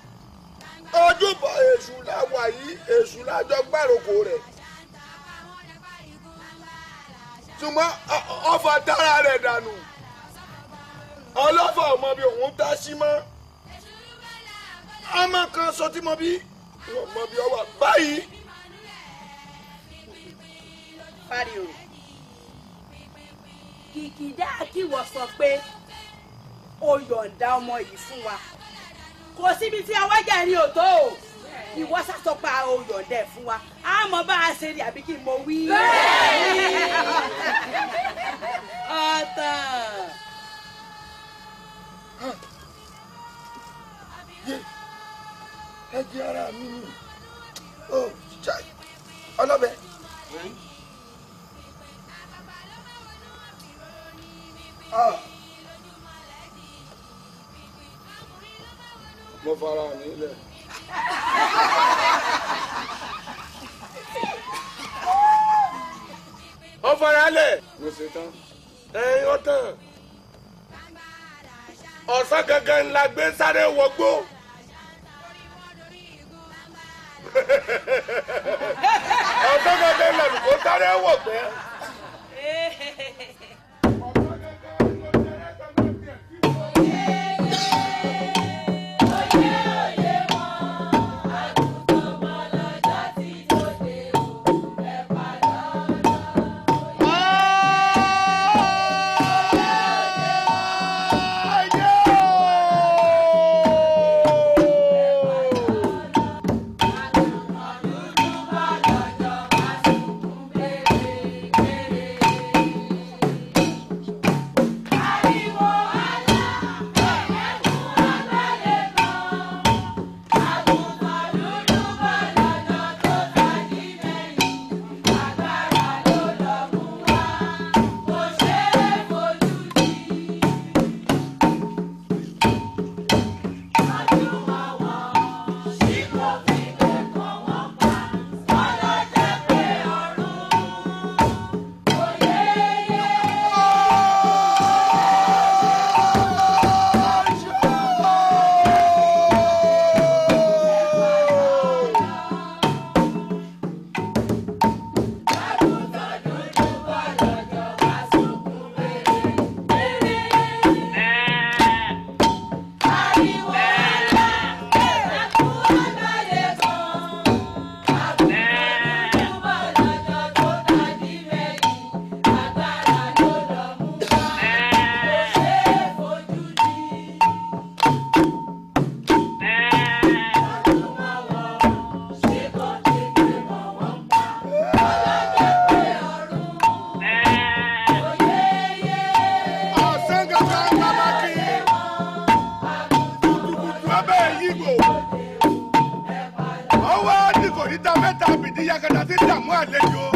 ojúbọ èṣù làwà yìí èṣù lájọ gbàròkò rẹ̀ ṣùgbọ́n ọfà dára rẹ̀ dànù ọlọ́fà ọmọ bíi òun tá sí mọ́ ọmọ kan sọ tí mo bí wọn mọ bí ọwà báyìí. pariwo kìkìdá kí wọ́n sọ pé ó yọ̀ǹda ọmọ yìí fún wa kò síbi tí awájà ẹni ò tó o ìwọ sàtọpa òyọ̀dẹ fún wa a mọ bá a ṣe rí àbí kí n mọ wí. ọ̀tàn. ẹ jẹ ara mi ni o jai ọlọbẹ. Ah. mo fara mi lẹ̀. ó fara lẹ̀. mo ṣe tán. ẹyin ó tàn. ọ̀sán gangan la gbé sáré wọgbó. ọ̀sán gangan la lùkọ́ sáré wọgbẹ́. ìta mẹ́ta bìdí yakata ti dààmú àlejò.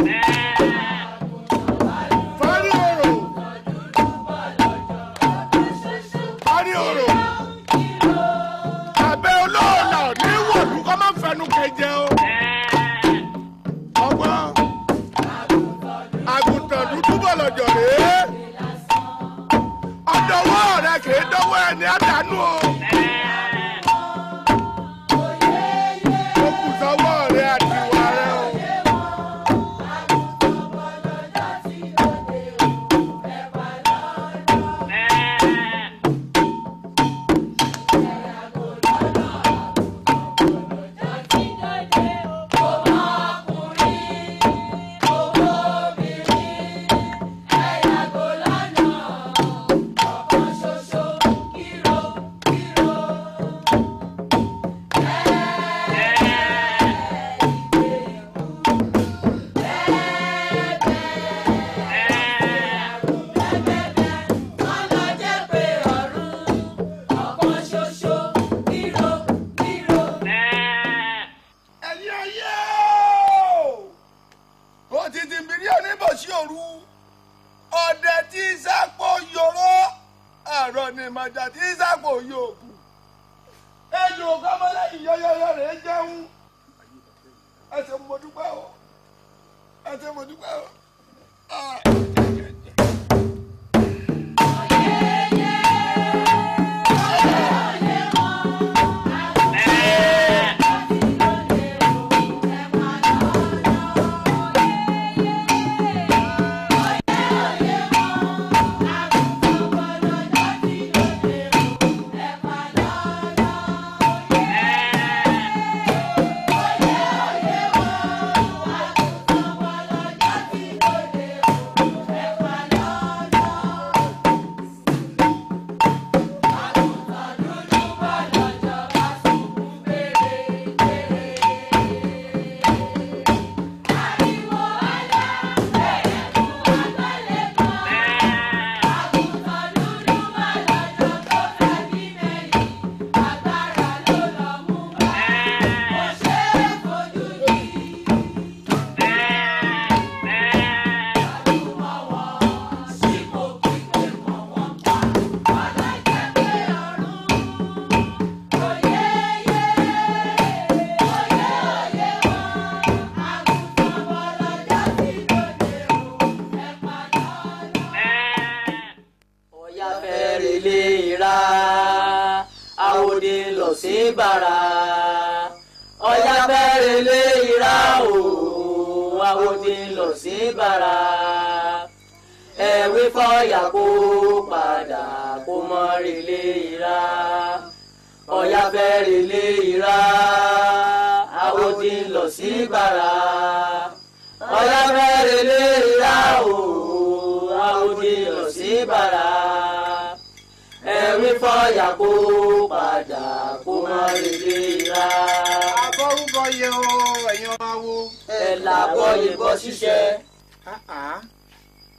ẹ̀yin ọmọ awo. ẹ làbọ̀ ìbọn ṣíṣe.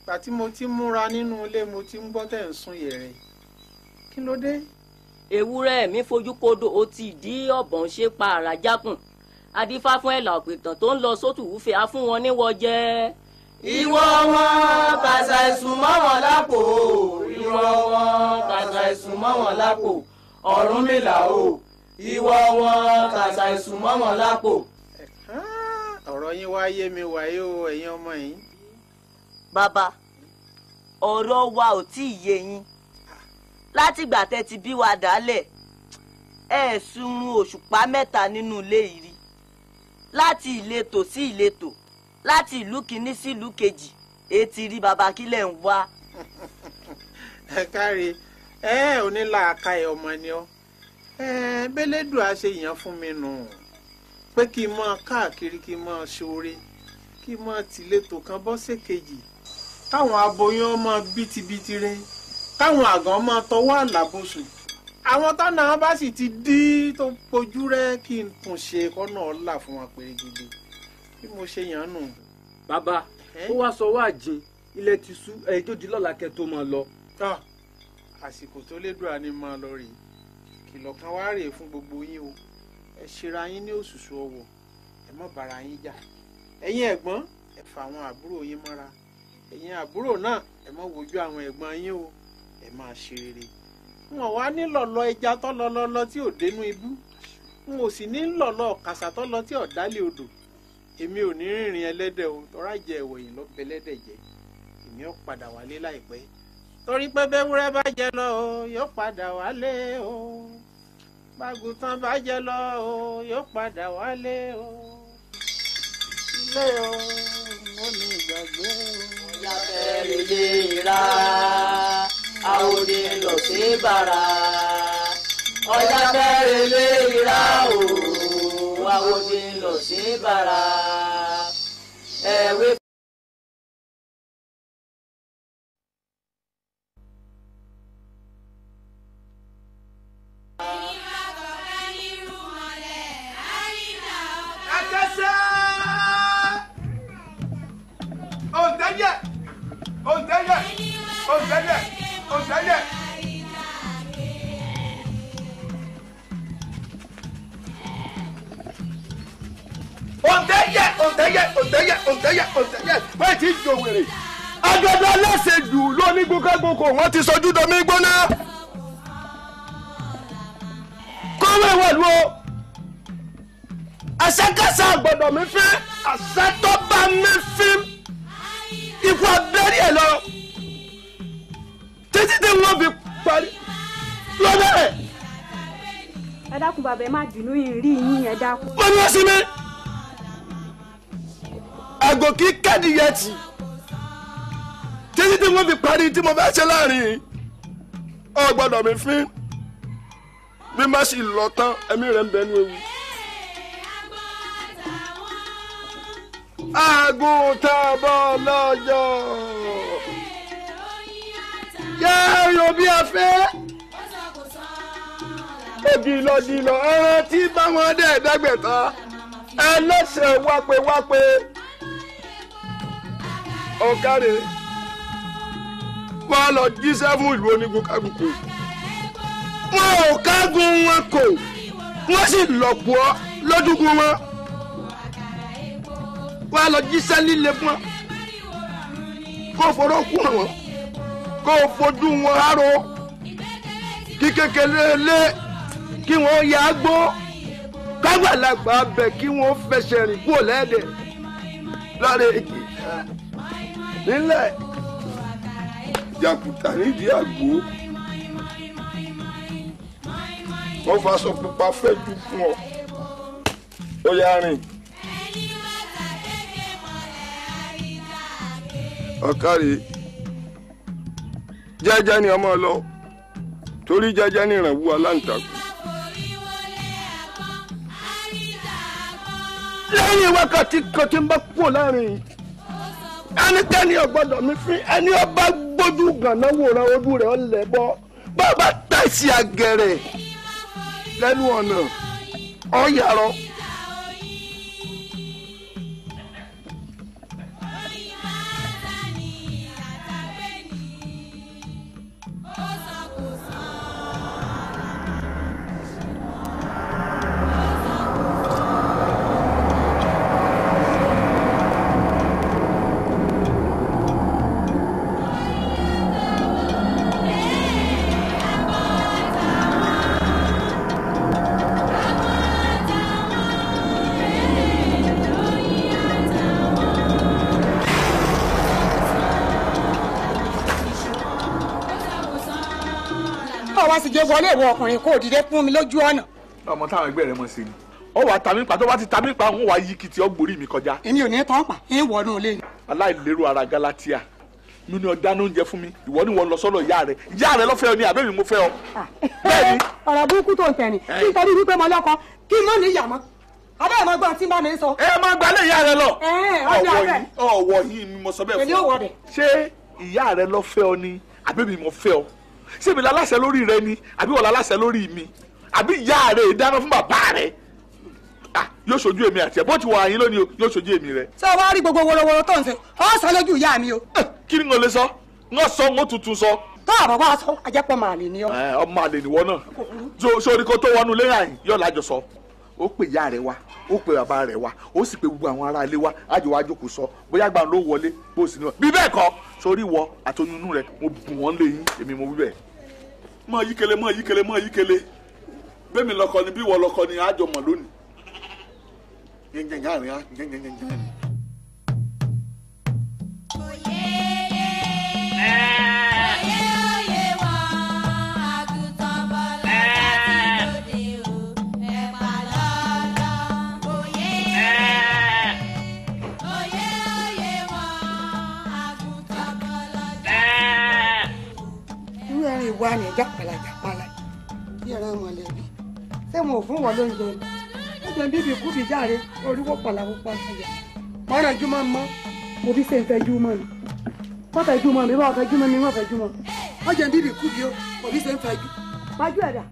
gbà tí mo ti múra nínú ilé mo ti ń gbọ́ tẹ̀ ń sun yẹ̀rẹ̀ kí ló dé. ewúrẹ́ mi fojú kodo ó ti dí ọ̀bọ̀n ṣe pa àràjákùn adífá fún ẹ̀là òpìtàn tó ń lọ sótù wúfẹ́ á fún wọn níwọ̀ jẹ́. ìwọ wọn kàṣà ìsùn mọ́ wọn lápò ìwọ wọn kàṣà ìsùn mọ́ wọn lápò Ọ̀rúnmìlà o ìwọ wọn kàṣà ìsùn mọ́ wọn lápò. Ah, ọ̀rọ̀ yín wá yé mi wàyí o ẹ̀yin ọmọ yìí. bàbá ọ̀rọ̀ wa ò tí ì yé yín látìgbà tẹ́ ti bí wa dálẹ̀ ẹ ẹ̀ sunrun òṣùpá mẹ́ta nínú ilé yìí rí láti ìletò sí ìletò láti ìlú kìíní sí ìlú kejì etí rí bàbá kílẹ̀ ń wá. ẹ káre ẹ ò ní làákàyè ọmọ ni ọ ẹ bẹlẹdùn àṣeyàn fún mi nù. No pé kí n máa káàkiri kí n máa ṣoore kí n máa tìletò kan bọ́ sékejì táwọn aboyún ọmọ bítíbitì rẹ táwọn àgàn máa tọwọ́ àlàbòsùn àwọn tọ́nà bá sì ti dí tó pojú rẹ kí n tún ṣe kọ́nà ọ̀la fún wa péré gidi bí mo ṣe yàn án nù. bàbá ó wá sọ wá jìn ilẹ̀ ti sú ẹ̀yìn tó di lọ́la kẹ́ tó máa lọ. àsìkò tó lédùn àní máa lọ rèé kìlọ̀ kan wá rèé fún gbogbo yín o ẹ ṣera yín ní òṣùṣù ọwọ̀ ẹ má bára yín jà ẹ̀yin ẹ̀gbọ́n ẹ fà àwọn àbúrò yín mọ́ra ẹ̀yin àbúrò náà ẹ má wojú àwọn ẹ̀gbọ́n yín o ẹ máa ṣe rere n ò wá ní lọ̀lọ̀ ẹja tó lọ́lọ́lọ́ tí ò dénú ibú n ò sì ní lọ̀lọ̀ kàṣà tó lọ tí ò dálé odò èmi ò ní rìnrìn ẹlẹ́dẹ̀ o tọ́ra jẹ ẹ̀wọ̀yìn lọ bẹlẹ́dẹ̀ jẹ èmi ò padà wálé láìpẹ́ torí pé bẹ́wúrẹ́ bá jẹ lọ yóò padà wálé o pàgùtàn bá jẹ lọ o yóò padà wálé o ilé o mo ní ìgbàgbé o. yàtẹ̀ ilé ìra a ò ní lọ sí bàrà ọjà fẹ́rẹ̀ ilé ìra o a lọ sí bàrà ẹ̀wé. Uh... òṣèlè òṣèlè. òǹtẹ̀yẹ òǹtẹ̀yẹ òǹtẹ̀yẹ òǹtẹ̀yẹ òǹtẹ̀yẹ bẹ́ẹ̀ ti jò wèrè. agbada aláṣejù lóní gbogbogbò wọn ti sọjú domi gbóná. kọ́wé wọ̀lú o àṣàkáṣà àgbọ̀dọ̀ mi fẹ́ àṣà tó bá mi fín ikú abẹ́rẹ́ lọ títí tí wọ́n fi parí lọ́dẹ̀. ẹ dákun bàbá ẹ má bínú ìrí yín ẹ dákun. mo ní wọ́n sí mi àgò kí kẹ́dìyẹ tì títí tí wọ́n fi parí tí mo fẹ́ ṣe láàrin ọ gbọ́dọ̀ mi fín bí má sì lọ tán ẹ̀mí rẹ̀ ń bẹ ní ewu. àgùntàn bọ́ lọ́jọ́ jẹ́ ro bí a fẹ́. ògìlọ̀gìlọ̀ ẹran tí bá wọn dẹ̀ dẹ́gbẹ̀ta ẹlẹ́sẹ̀ wápéwápé ọ̀kárẹ̀ wọ́n lọ jíṣẹ́ fún ìlú onígun kágùnkù wọn ò kágun wọn kò wọ́n sì lọ̀pọ̀ lójúkú wọn wọ́n lọ jíṣẹ́ líle fún wọn kó forọ́kù wọn kó o fojú wọn rárò kí kékeré lé kí wọ́n ya gbó kágbàlagbà bẹ̀ kí wọ́n fẹsẹ̀ rìn kúrò lẹ́ẹ̀dẹ̀ lọ́rẹ̀ èjì nílẹ̀ jàkùtà nídìí àgbo wọ́n faṣọ pupa fẹ́jú fún ọ ó yá rìn. ọ̀kárí. Okay jẹ́jẹ́ ni ọmọ lọ torí jẹ́jẹ́ ni ìrànwú aláǹtakùn. lẹ́yìn wákàtí kan tí ń bá kúrò láàrin yìí ẹnikẹ́ni ọ̀gbọ́dọ̀ mi fín ẹni ọba gbójú gànà wòran ojú rẹ̀ ọ̀lẹ̀ bọ́ bàbá tẹ̀sí àgẹ̀rẹ̀ lẹ́nu ọ̀nà ọ̀yàrọ̀. wọlé ìwọ ọkùnrin kó dìde fún mi lójú ọ̀nà. ọmọ táwọn ẹgbẹ́ rẹ mọ̀ sí ni ó wàá ta pa tó bá ti ta pa ń wàá yí kìtì ọgbòrí mi kọjá. èmi ò ní tán pa ń wọnú ilé. aláìlérò ara galatia mi ni ọdá lóúnjẹ fún mi ìwọ ni wọn lọ sọ́dọ̀ ìyá rẹ ìyá rẹ lọfẹ ọ ni àbẹ mi mo fẹ́ ọ. Ah, bẹ́ẹ̀ni. ọ̀rọ̀ burúkú tó ń tẹ̀ ni kí n tọ́ bí wípé mo lọ́kọ kí n mọ̀ ní ìyàmọ́ abẹ́ ìmọ̀ gbọ́n tí n bá mi sọ. ẹ máa gbalẹ̀ ìyá rẹ lọ. ọwọ́ yìí ọwọ́ yìí ni mo sọ bẹ́ẹ̀ fún ọ. ṣé ìyá rẹ lọ fẹ́ ọ ni àbẹ mi mo fẹ́ ọ ṣé èmi láláṣẹ lórí rẹ ni àbí wọ́n láláṣẹ lórí mi àbí ìyá rẹ dáná fún bàbá rẹ yóò ṣojú èmi àti ẹ bó ti wà yín lónìí yóò ṣojú èmi rẹ. ṣé o wá rí gbogbo worowóró tó ń ṣe ọ sọ lójú ìyá mi o. kí ni n ò lè sọ n ò sọ n ò tuntun sọ. tó àbọ̀ wá sọ ajẹ́pọ̀ máa lè ní ọ. ọmọ àlè nìwọ náà sórí kó tó wọnú lẹ́yìn àyìn yóò lájọ sọ ó pè ìyá rẹ wá ó pe bàbá rẹ̀ wá ó sì pe gbogbo àwọn ará ilé wa àjò wa jókòó sọ bóyá gbà ló wọlé bó o sì níwọ̀n bí bẹ́ẹ̀ kọ́ sórí rẹ mo bù wọ́n lé yín èmi mo wí bẹ́ẹ̀. mọ yíkele mọ yíkele mọ yíkele bẹ́ẹ̀ mi lọkọ ni bí ìwọ lọkọ ni àjọ ìwà ni ìjà pàlàjà pàlàjà bí ẹran mọ̀lẹ́bí ṣé wọn fún wọn lóúnjẹ ni bíbí kú bí járe oríwó pàlàwó pa ṣẹyà mọ́nà júmọ́ mọ́ mo ṣe ń fẹ́ júmọ́ ni wọ́n fẹ́ júmọ́ mi wọ́n fẹ́ júmọ́ mi wọ́n fẹ́ júmọ́ oúnjẹ bíbí kú bí ó mo ṣe ń fẹ́ jú. wájú ẹ̀dá.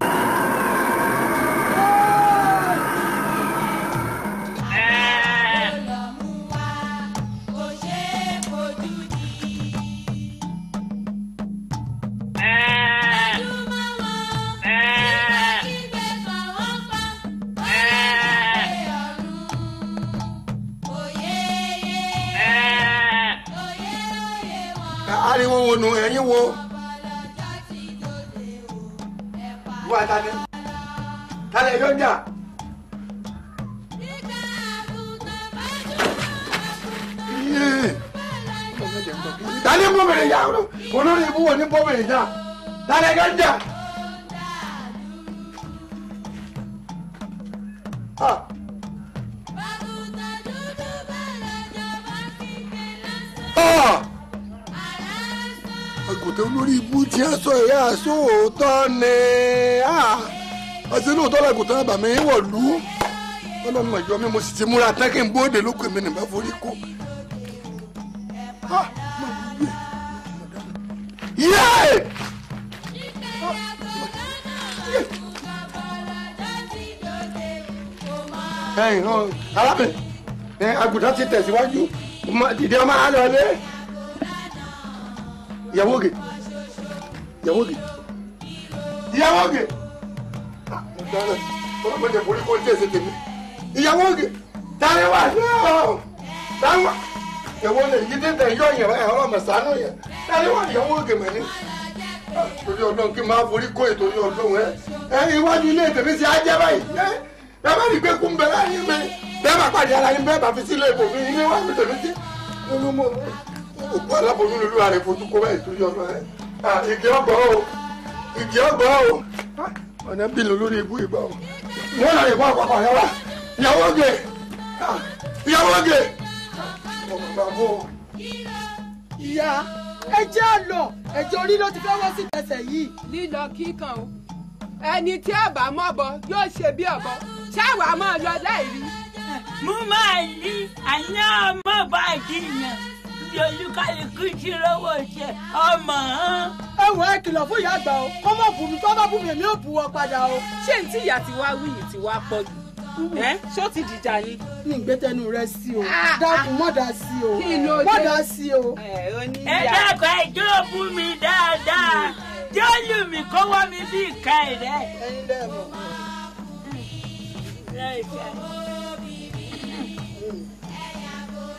lóòótọ́ làgùntàn àbàmì ìwọ̀lú ọlọ́run ìjọ mi mo sì ti múra tán kí n bóde lókè mi nìbá forí kó. yéé. ẹ àgùntàn ti tẹ̀síwájú dìde ọmọ àlọ́ ilé ìyàwó gè ìyàwó gè ìyàwó gè dáràn ọlọ́pàá jẹ forí kọ́ńtì ẹ̀sẹ̀ tèmi ìyàwó ògè táyé wà ní ọ̀hún táwọn ìyàwó lè yí dédé yọ yẹn báyà ọlọ́mọ sànú yẹn táyé wà ní ìyàwó ògè mẹ́ni torí ọlọ́run kí n máa forí kó ètò yọ ọlọ́run ẹ ẹ iwájú ilé tèmi ti á jẹ́ báyìí ẹ ẹ bá rí i pé kú ń bẹ láyé mi bẹ́ẹ̀ bá pàdé ara yín bẹ́ẹ̀ bá fi sílé ìbò mi ilé wájú tèmi ti òkú aláboyún lolúwa rẹ̀ fojú kó báyìí torí ọlọ́run ẹ ah, igi ọgbọ́n o igi ọgbọ́n o ọ̀nà bí lórí ibú ìgbà wọn wọn là ìbọn àpapọ̀ yẹn ìyàwó gè ìyàwó gè ìyá ẹjẹ́ àlọ́ ẹjẹ́ orí ló ti fẹ́ wọ́n sí tẹsẹ̀ yìí. lílọ kíkan o ẹni tí ọba mọ̀ bọ yóò ṣe bí ọ̀bọ ṣáwa máa lọ láì rí. mú máa yí àyàn ọmọ bá a jiyàn tí olúkálukú ti rówó jẹ ọmọ. ẹ wọ ẹ kìlọ̀ fún ìyá àgbà o kó mọ̀ bù mí tó bá bù mí èmi ò bù ọ padà o. ṣé ní tí ìyá ti wá wí yìí ti wá pọ̀ jù ẹ ṣó ti dìjà ni. ní ìgbẹ́tẹ̀nu rẹ sí o ah, ah. dákun mọ́ dá sí o mọ́ sí o. ẹ dákun ẹ jó bú mi dáadáa jó lù mí kó wọ́ mi bí ìka rẹ̀. Mm.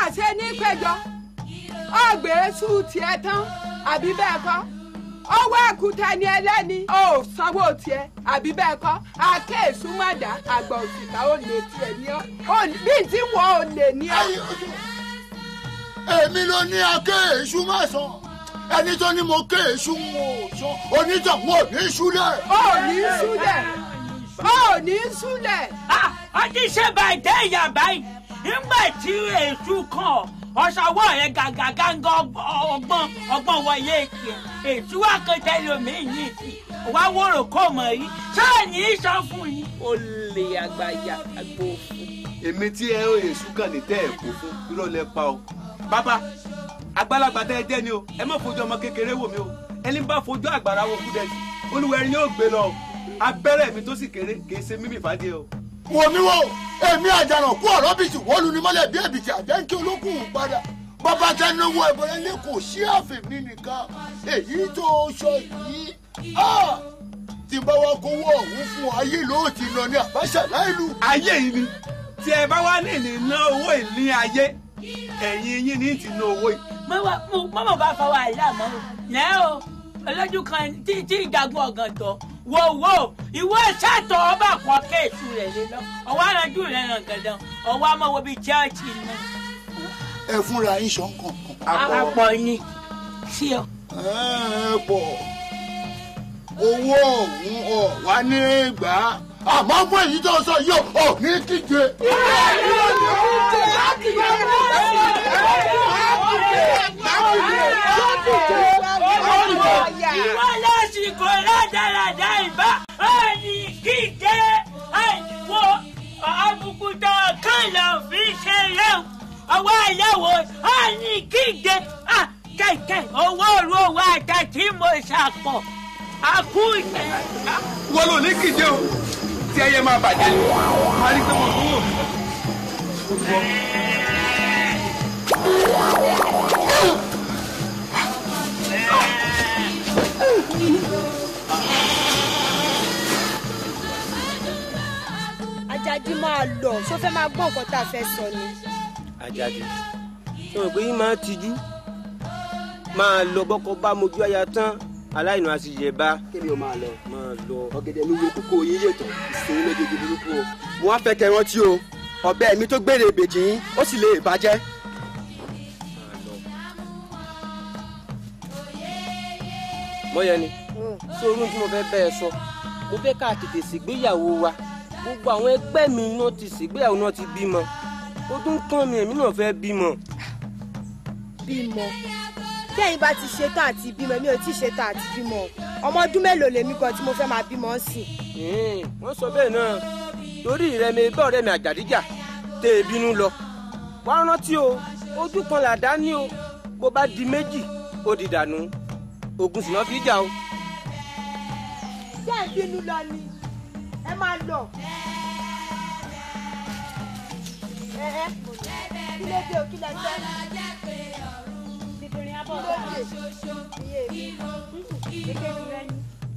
àṣẹ ní péjọ ọgbẹ́ sùn tiẹ̀ tán àbí bẹ́ẹ̀ kọ́ ọwọ́ ẹ̀kúta ni ẹlẹ́ni ò sanwó tiẹ̀ àbí bẹ́ẹ̀ kọ́ akéésù mọ̀dá àgbà òṣìkà ò lè tiẹ̀ ní ọ́ bí tí wọ́n ò lè ní ọ́. èmi ló ní akéésù má sọ ẹni tó ní mo kéésù mo sọ onítọ̀hún ò ní súlẹ̀. ò ní súlẹ̀ ò ní súlẹ̀. ọjí ah, ṣe bàjẹ́ ìyá báyìí nígbà tí èṣù kan ọ̀ṣọ́wọ́ rẹ̀ gàgàgàngà ọgbọ́n ọgbọ́n wọlé èkì èṣù wà kẹtẹ lomi yìí sí wá wòrò kò mọ̀ yìí sáàní sọ fún yín. ó lè àgbàyà àgbo fún. èmi tí ẹ èṣù kan lè tẹ ẹ kó fún irọ́ lẹ pa o. bàbá àgbàlagbà tẹ ẹ jẹ ni o ẹ má fojú ọmọ kékeré wò mí o ẹni bá fojú àgbàrá wo kú dẹ olúwẹrin yóò gbé lọ abẹ́rẹ́ mi tó sì kéré kì í ṣe mímì fàdí o wò mí wò èmi àjànà kú ọ̀rọ̀ bìtì wọ́ọ̀lù ni mọ́lẹ̀ bí èbìtì àjẹ́ǹkì olókùn padà bàbá tẹnuwó ẹ̀bọ̀rẹ́ lè kò sí àfẹ̀mí nìkan èyí tó sọ yìí tí bá wa kówó ọ̀hún fún ayé ló ti lọ ní àbáṣà láìlú. ayé yìí ni tí ẹ bá wá ní ìní ná owó ìní ayé ẹ̀yin yín ní ti ná owó yìí. mọ́mọ́ bá fọwọ́ àyà mọ́ o yẹn o olójú kan tí tí ìjagun ọ̀gàn tọ̀ wò wò ìwọ ṣètò ọba kan kéèsù rẹ̀ lé lọ ọwọ́ aranjú rẹ̀ ràn gàdán ọwọ́ amọ̀wọ́ bíi chẹ́ọ̀chì náà. ẹ fúnra yín sọ nǹkan kan. àpò ni sí ọ. ẹ ẹ pọ owó ọ̀hún ọ̀ wá ní ìgbà àmọ́ fún èyí tó sọ yóò ò ní kíje. ìwọ lásìkò rádaràdà ìbá àní kíje àìwọ àbùkù tó kàn lọ fi ṣe yẹn ọwọ́ àyẹ̀wò àní kíje kẹ̀kẹ́ owó òru owó àjà tí mo ṣàpọ̀ àkúyẹ. wọ́n lò ní kíje o tí ayé máa bàjẹ́ ni máa rí pé mo kú wò Àjàdí máa lọ ṣó fẹ́ máa gbọ́ nǹkan tá a fẹ́ sọ ni. Àjàdí ṣé o rò pé yín máa tijú máa lọ bọ́kọ bá mojú àyà tán aláìní a sì yẹ bá. kébi o máa lọ máa lọ. ọ̀gẹ̀dẹ̀ mi yóò kókó yín yóò tán ìsinmi méjèèjì burúkú o. mo wá fẹ́ kẹ́ rántí o ọ̀bẹ mi tó gbére ìbejì yín ó sì lè bàjẹ́. mọ́yẹ ni sórí tí mo fẹ́ bẹ́ ẹ sọ mo fẹ́ ká tètè ṣègbéyàwó wa gbogbo àwọn ẹgbẹ́ mi náà ti ṣègbéyàwó náà ti bímọ ó tún kàn mí èmi náà fẹ́ bímọ. bímọ tẹ́yìn bá ti ṣetán àti bímọ èmi ò tí ì ṣetán àti bímọ ọmọ ọdún mélòó lèmi kan tí mo fẹ́ máa bímọ sí. Hmm, wọ́n sọ bẹ́ẹ̀ náà torí rẹ mi bá ọ̀rẹ́ mi àjàdíjà tẹ ìbínú lọ wá rántí o ojú kan làdá ní o bó bá di méjì ó di dànù ogun sì náà fi jà o. tẹ́ ìbínú lọ ni ẹ máa lọ. ẹ ẹ kí ló dé o kí lẹ fẹ́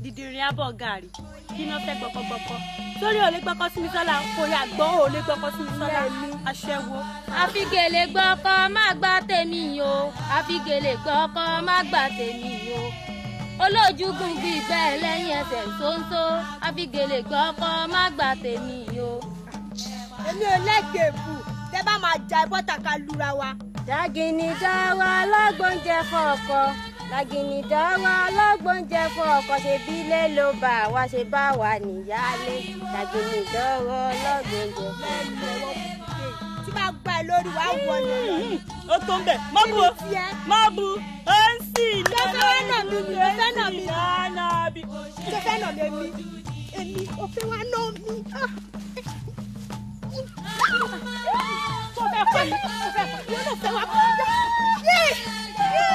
dìdìrín abọ́ gàrí kí náà fẹ́ gbọ́kọ́gbọ́kọ́ sórí òlé gbọ́kọ́ sí mi sọ́la orí àgbọ̀ òlé gbọ́kọ́ sí mi sọ́la aṣẹ́wó. àfigèlè gbọ́kọ́ má gbà tèmi o àfigèlè gbọ́kọ́ má gbà tèmi o olójúgun bíi bẹ́ẹ̀ lẹ́yìn ẹsẹ̀ ṣóńṣó àfigèlè gbọ́kọ́ má gbà tèmi o. èmi ò lẹ́gẹ̀ẹ́bù tẹ́ bá máa ja ẹbọ́ta ká lura wa jàgìnìdá wa lọ́gbọ́njẹ fọ́ọ̀kọ jàgìnìdá wa lọ́gbọ́njẹ fọ́ọ̀kọ ṣebí lé ló bá wa ṣe bá wa níyálé jàgìnìdá wa lọ́gbọ́njẹ fọ́ọ̀kọ. tí máa gba lórí wa wọ ọ̀nà lọ. ó tó ń bẹ̀ mọ́ bu mọ́ bu ó ń sì lọ lórí ó fẹ́ nà mí ó fẹ́ nà mí ó fẹ́ nà mí èmi ò fẹ́ wá nà mí fẹ́ fẹ́ yìí ó fẹ́ fẹ́ yóò lọ fẹ́ wá fún ọjọ́ yé yé.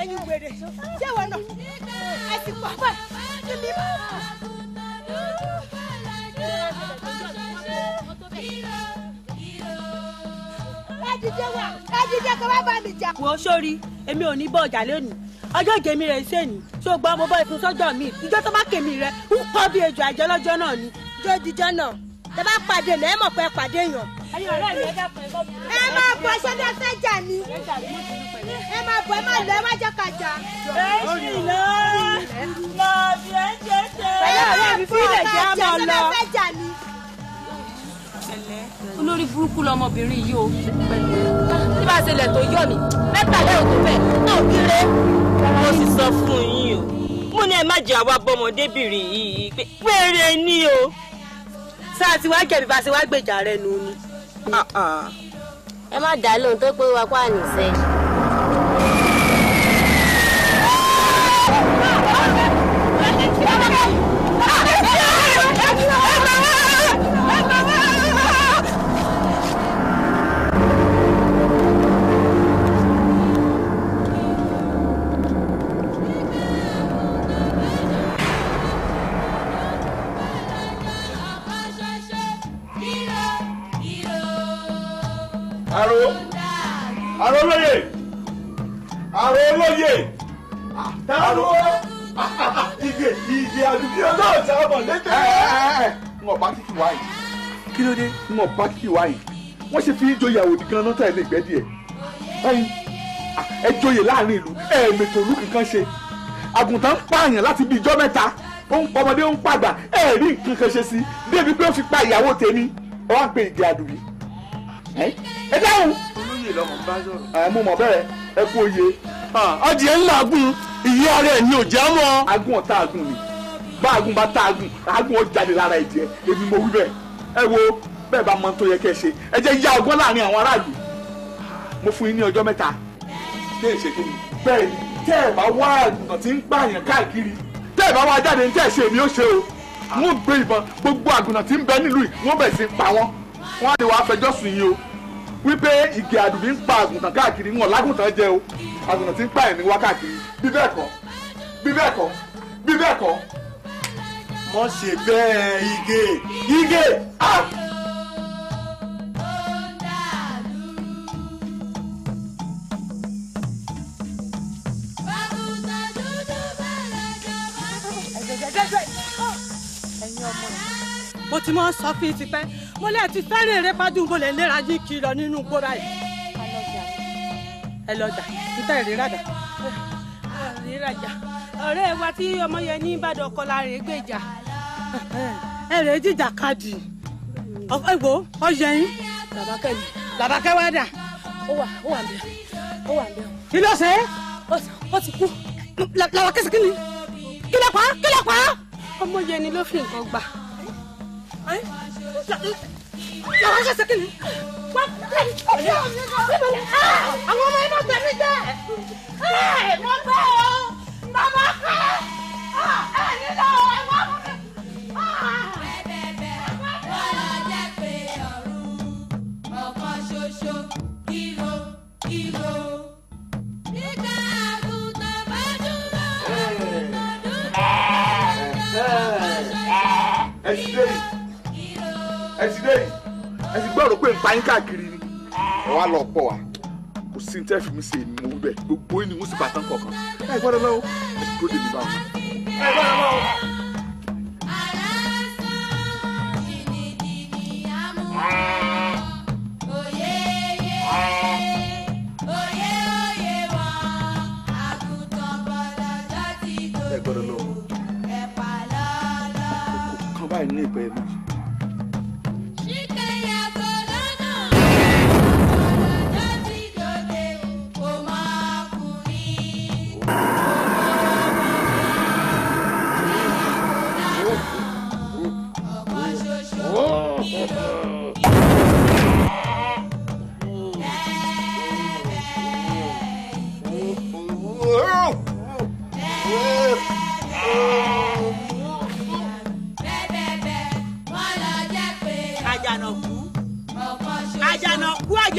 ẹ̀yin wèrè ṣé wọn náà ẹ ti pa báyìí kí ni. jíjẹ wà ẹ jíjẹ kó má bá mi jà. wọ́n sórí èmi ò ní bọ́ ọjà lónìí ọjọ́ ìjẹmi rẹ̀ ń sèǹì tí ó gba ọmọ bọ́ ìfún sọ́jọ́ mi ìjọ tó bá kèmí rẹ̀ ń kọ́ bí ejò àjẹ́ lọ́jọ́ náà ni. jọ jíjọ náà tẹ bá pàdé lẹ́ẹ̀ mọ̀ pé pàdé yàn. ẹ máa bọ̀ ṣọ́dọ̀ fẹ́ jà ni ẹ máa bọ̀ ẹ máa lọ ẹ má jẹ́ ká jà. èsì lọ lọ bí ẹ ṣe ṣe. pẹ̀lú ọ̀rẹ́ mi fún ìrẹ̀jẹ̀ á máa lọ olórí burúkú lọmọbìnrin yìí o tí bá ṣe lẹ̀ tó yọ̀ mí mẹ́tàlẹ́ ò tó bẹ̀ náà bí ré. mo sì sọ fún yín o mo ní ẹ má jẹ́ àwa bọ́mọdébìnrin yìí pé péré ni o sáà tí wàá jẹ̀bi bá ṣe wàá gbèjà rẹ̀ nù ni. Ah, ah. ẹ má dá lóhun tó pé wa kó àníṣe. àrò àrò lóye àrò lóye àrò ìgbè ìgbè àdúgbò náà ti ọmọ lẹ́tẹ̀. n ò bá kìkì wá yìí kí ló dé n ò bá kìkì wá yìí wọ́n ṣe fi ń joyè àwòdì kan náà tẹ̀lé ìgbẹ́ díẹ̀ ẹ joyè láàrin ìlú ẹ̀ẹ̀mẹ̀tò olú kankan ṣe àgùntàn pààyàn láti bíi ijọ́ mẹ́ta ó ń pọmọdé ó ń pàgbà ẹ̀ẹ̀rí nǹkan kan ṣe sí débi pé ó fi pa ìyàwó tèmi ó wá pe ìgbé àdùbí ẹ dáhùn. olóyè lọmọ bá sọ̀rọ̀. mo mọ̀ bẹ́ẹ̀ ẹ kú oyè. adìẹ ńlá agùn ìyá ara ẹ̀ ni ò já mọ́. agùn ọ̀tá agùn ni bá agùn bá tá agùn agùn ó jáde lára ìdíẹ èmi mo wí bẹ́ẹ̀ ẹ wo bẹ́ẹ̀ bá mọ tó yẹ kẹ́ ẹ ṣe ẹ jẹ́ yá ọgbọ́n láàrin àwọn aráàlú mo fún yín ní ọjọ́ mẹ́ta tẹ́ ẹ ṣe kí ni bẹ́ẹ̀ tẹ́ ẹ bá wá àgùntàn tí ń pààyàn káàkiri tẹ́ ẹ bá wá jáde ní tẹ́ ẹ ṣe èmi ó ṣe o wọ́n gbé ìbọn gbogbo àgùntàn tí ń bẹ nílùú yìí wọ́n bẹ̀ sí pa wọ́n wọ́n á lè wá fẹjọ́ sùn yín o wípé ìgè àdùbí ń pa àgùntàn káàkiri wọn lágùntàn jẹ o àgùntàn ti ń pa ẹ̀mí wá káàkiri bí bẹ́ẹ̀ kọ́ bí bẹ́ẹ̀ kọ́ bí bẹ́ẹ̀ kọ́. mọ̀ ṣe bẹ́ẹ̀ igé igé á. mo ti mọ sọ fún yín ti pẹ́ mo lè ti fẹ́ràn eré pàdún mo lè léra yín kiri lọ nínú igbó báyìí. ẹ lọ́jà níta ìrè ràdà. ìrè ràjà ọ̀rẹ́ wa tí ọmọ yẹn ní ìbàdàn kọlá rè gbèjà. ẹ rè jìjà kadì ẹ wo ọyẹ yín làbákẹ́ yìí làbákẹ́ wá dà. ó wà ó wà ń bẹ ó wà ń bẹ. kí ló ṣe é. ó ti kú. làbákẹ́ sí kí ni kí ló pa kí ló pa. ọmọ yẹn ni ló fi nǹkan gbà làwọn ṣe ṣe kíni. àwọn ọmọ inú tẹ̀mí jẹ́ wọ́n gbé o bàbá pé ẹ nílò ẹ̀wọ̀n fún mi. Kilo, kilo. ẹ ti dé ẹ ti gbọ́rọ̀ pé nǹkan yín káàkiri ni. ẹ wá lọ pọ̀ wá kò sí ní tẹ́ẹ̀fì mi ṣe èmi mo wúbẹ̀ gbogbo yín ni mo sì bá tán kọ̀ọ̀kan ẹ gbọ́dọ̀ lọ́wọ́ ẹ ti dúró dèmi báwọn. ẹ gbọ́dọ̀ lọ́wọ́. ẹ gbọ́dọ̀ lọ́wọ́. kan báyìí ní ìpẹ́ mi.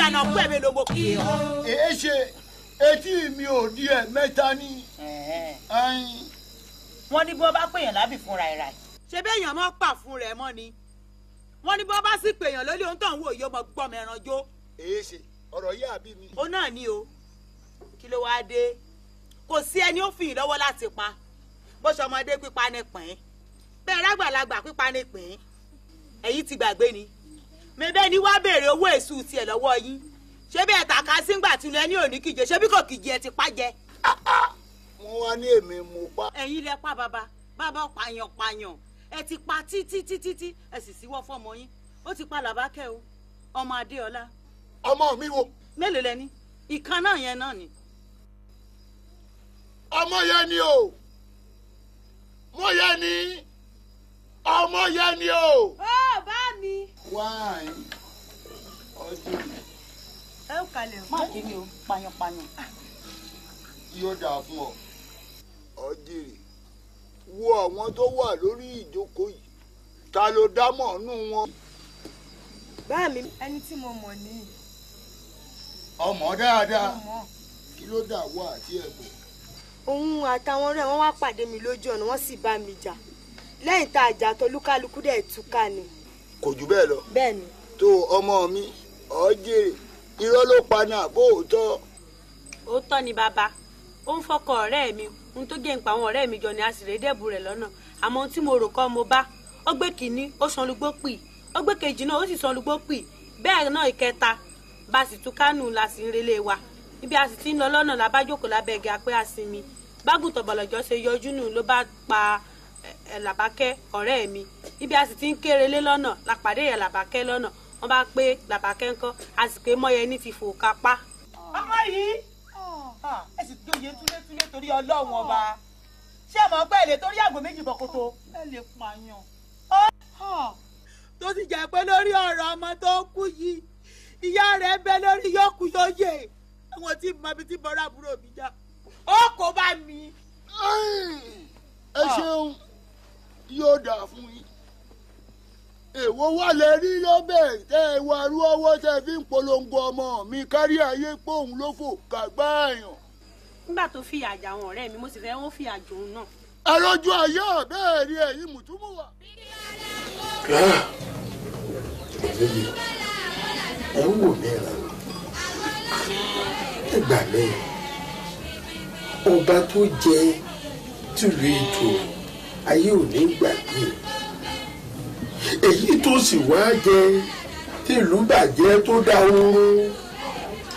ìlànà pẹ́ mi ló mo pè ọ́. èé ṣe etí mi ò di ẹ̀ mẹ́ta ní. wọ́n ní bó bá pèèyàn lábì fúnra ẹ̀ rà ẹ̀. ṣé béèyàn mọ́ pà fún rẹ̀ mọ́ ni wọ́n ní bó bá sì pèèyàn lórí ohun tó ń wò yìí ó mọ gbọ́ mẹ́ran jó. èé ṣe ọ̀rọ̀ yìí àbí mi. ó náà ni o kí ló wáá dé kò sí ẹni ó fìyìn lọ́wọ́ láti pa bó ṣe ọmọdé pípa ni pín bẹ́ẹ̀ rágbàlagbà pípa ni pín èyí ti gbàgbé ni mi bẹ́ẹ̀ ni wàá béèrè owó èṣù tiẹ̀ lọ́wọ́ yín ṣé bẹ́ẹ̀ tàka sígbà tilẹ̀ ní òní kìjẹ ṣé bí kò kìjẹ ẹ ti pa jẹ. wọ́n wá ní èmi mo pa. ẹ̀yin lẹ pa bàbá bàbá pààyàn pààyàn ẹ ti pa títí títí tí ẹ sì síwọ́ fọmọ yín ó ti pa làbákẹ́ o ọmọ adéọlá. ọmọ mi wo. mélòó lẹni ìkan náà yẹn náà ni. ọmọ yẹn ni o mo yẹn ni ọmọ yẹn ni o. Hey! wine ọdún. ẹ ó kalẹ̀ o. má kí ni o payanpayan. yóò dáa fún ọ ọdìrì wo àwọn tó wà lórí ìjókòó yìí ta ló dámọ̀ nù wọn. báà mi ẹni tí mo mọ̀ ni. ọmọ dáadáa kí ló dà wá àti ẹ̀bùn. òun àtàwọn ọ̀rẹ́ wọn wá pàdé mi lójú ọ̀nà wọ́n sì bá mi jà lẹ́yìn tá a jà tó lúkálukú dẹ̀ túká ni kò jù bẹ́ẹ̀ lọ. bẹ́ẹ̀ni. tó ọmọ mi ọ jèrè irọ́ ló pa náà bó o tọ́. ó tọ́ ni bàbá ó ń fọkọ ọ̀rẹ́ mi ohun tó gé ń pa àwọn ọ̀rẹ́ mi jọ ni a sì rè dẹ́bù rẹ̀ lọ́nà àmọ́ ohun tí mo rò kọ́ mo bá ó gbé kínní ó sanlúgbó pì ó gbé kejì náà ó sì sanlúgbó pì bẹ́ẹ̀ náà ìkẹta bá a sì tún kánù la sì ń relé wa níbi a sì ti ń lọ lọ́nà làbájókòó lábẹ́ igi apẹ́ àsinmi bágùntàn bọ̀lọ̀jọ́ ṣe yọjú nù ló bá pa á làbákẹ́ ọ̀rẹ́ mi ibi a sì ti ń kéré lé lọ́nà làpàdé yẹn làbákẹ́ lọ́nà wọ́n bá pé làbákẹ́ ńkọ́ a sì pé mọ́yẹní fi fò kápá. ọmọ yìí ẹ sì tó yẹ túlétúlé torí ọlọ́run ọba ṣé ẹ mọ̀ pé ẹ lè torí àgbò méjì kọ̀kọ́tò ẹ lè pààyàn. tó ti jẹ́ pé lórí ọ̀rọ̀ ọmọ tó kú yìí ìyá rẹ̀ bẹ lórí yókù yóyè àwọn tí mo ti bọ́ra àbúrò mi já ó kó bá mi. ẹ ṣeun yóò dà fún yín èwo wà lẹ rí lọ́bẹ̀ tẹ́ ẹ wá rú ọwọ́ tẹ́ fi ń polongo ọmọ mi kárí ayé pòun ló fò kàgbá àyàn. nígbà tó fi àjà àwọn ọ̀rẹ́ mi mo sì fẹ́ wọ́n fi àjò òun náà. àròjù àyà bẹ́ẹ̀ rí ẹ̀yìn mùtúmù wà. ẹ ń wò mí ra ẹ gbà mí ọba tó jẹ tìlú ètò ayé ò ní gbàgbé èyí tó sì wá jẹ tí ìlú bàjẹ́ tó dá oró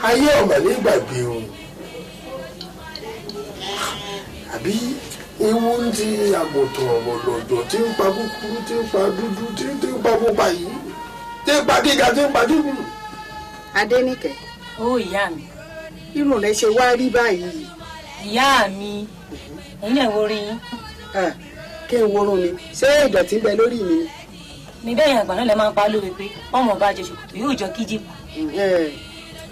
ayé ọ̀mà ní gbàgbé o àbí ewu ń ti àgùntàn ọ̀lọ̀dọ̀ tí ń pa kúkúrú tí ń pa dúdú tí ń pa pupa yìí tí ń pa gíga tí ń pa dúdú. Adéníkẹ́ ó ìyá mi irun rẹ ṣe wá rí báyìí. ìyá mi ẹ̀yin ẹ̀ wo rí yín kí n worun mi ṣé ìdọ̀tí ń bẹ lórí mi. mi bẹ́ẹ̀ yẹn àgbà lẹ máa ń pa lóore pé ọmọ ọba jẹ ṣòkòtò yóò jọ kíjì pa.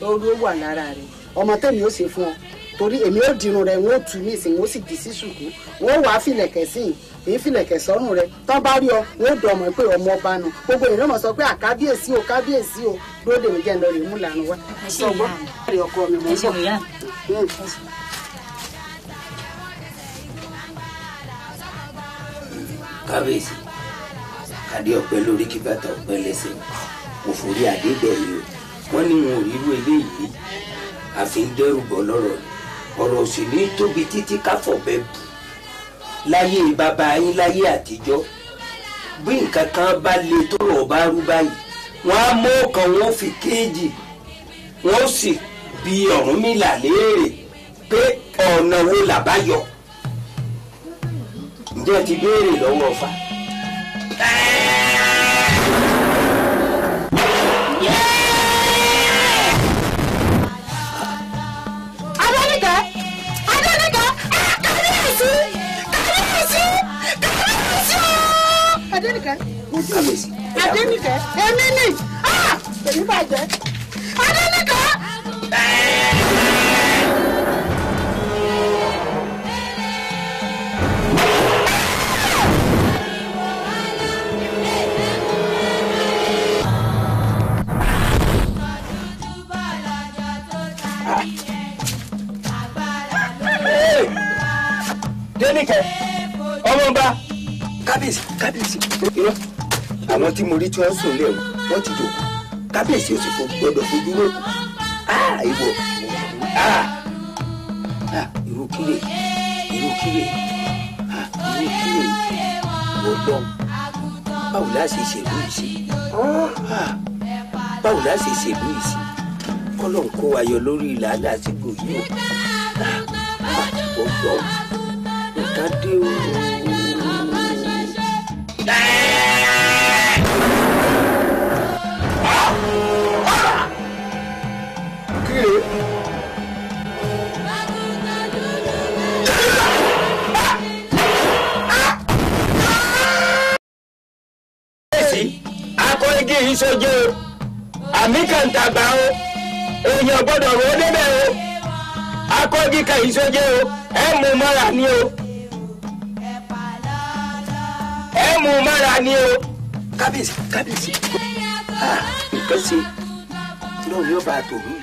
oró wà lára rẹ ọmọ tèmi ó ṣe fún ọ torí èmi ò dirun rẹ wọn ò tù mí ìsìn wọn sì dì sí ṣùkú wọn ò wá fìlẹ̀kẹ̀ sí yìí èyí fìlẹ̀kẹ̀ sọ́rùn rẹ tán bá rí ọ wọn ò dọ̀ ọmọ pé ọmọ ọba nù gbogbo èèyàn mọ̀ sọ pé àkábíyèsí o kábíyèsí o dúró dèmi jẹ́ ń lọ rè mú lànà wá. ẹ ṣe ìyá ẹ ṣe ìyá kábíyèsí kàdé ọ̀pẹ lórí kí bàtà ọ̀pẹ lẹ́sẹ̀ kò forí adé gbẹ̀yìn o wọ́n ní wọn ò rírú eléyìí àfi ń dẹ́rù bọ̀ lọ́rọ̀ ọ̀rọ̀ òsì ní tóbi títí káfọ̀bẹ bù láyé bàbá yín láyé àtijọ́ bí nǹkan kan bá le tó rọ̀ bá rú báyìí wọ́n á mú ọkàn wọn fi kéèjì wọ́n sì bi Ọ̀rúnmìlà léèrè pé ọ̀nà wo làbáyọ ǹjẹ́ ti béèrè lọ́wọ́ ọ̀fà. Adénìkẹ́. Adénìkẹ́. Ah! ni. Ah! Èmi bàjẹ́. Adénìkẹ́. Adéníkẹ́ ọmọọba kábíyèsí kábíyèsí irọ́ àwọn tí mo rí tí wọ́n sùn lé wọ́n ti jòkó kábíyèsí ò sì fò gbọdọ̀ fojú wò ah, ìwọ irú ah. ah, kílè irú kílè irú kílè wọ́n lọ báwo la ṣe ṣèlú yìí sí báwo la ṣe ṣèlú yìí sí kọ́lọ̀ ń kó ayọ̀ lórí ìlànà àtìgbò yìí ó wọ́n lọ. that day kábíyèsí kábíyèsí ah nǹkan ṣe tí lóun yóò bá a tò mí.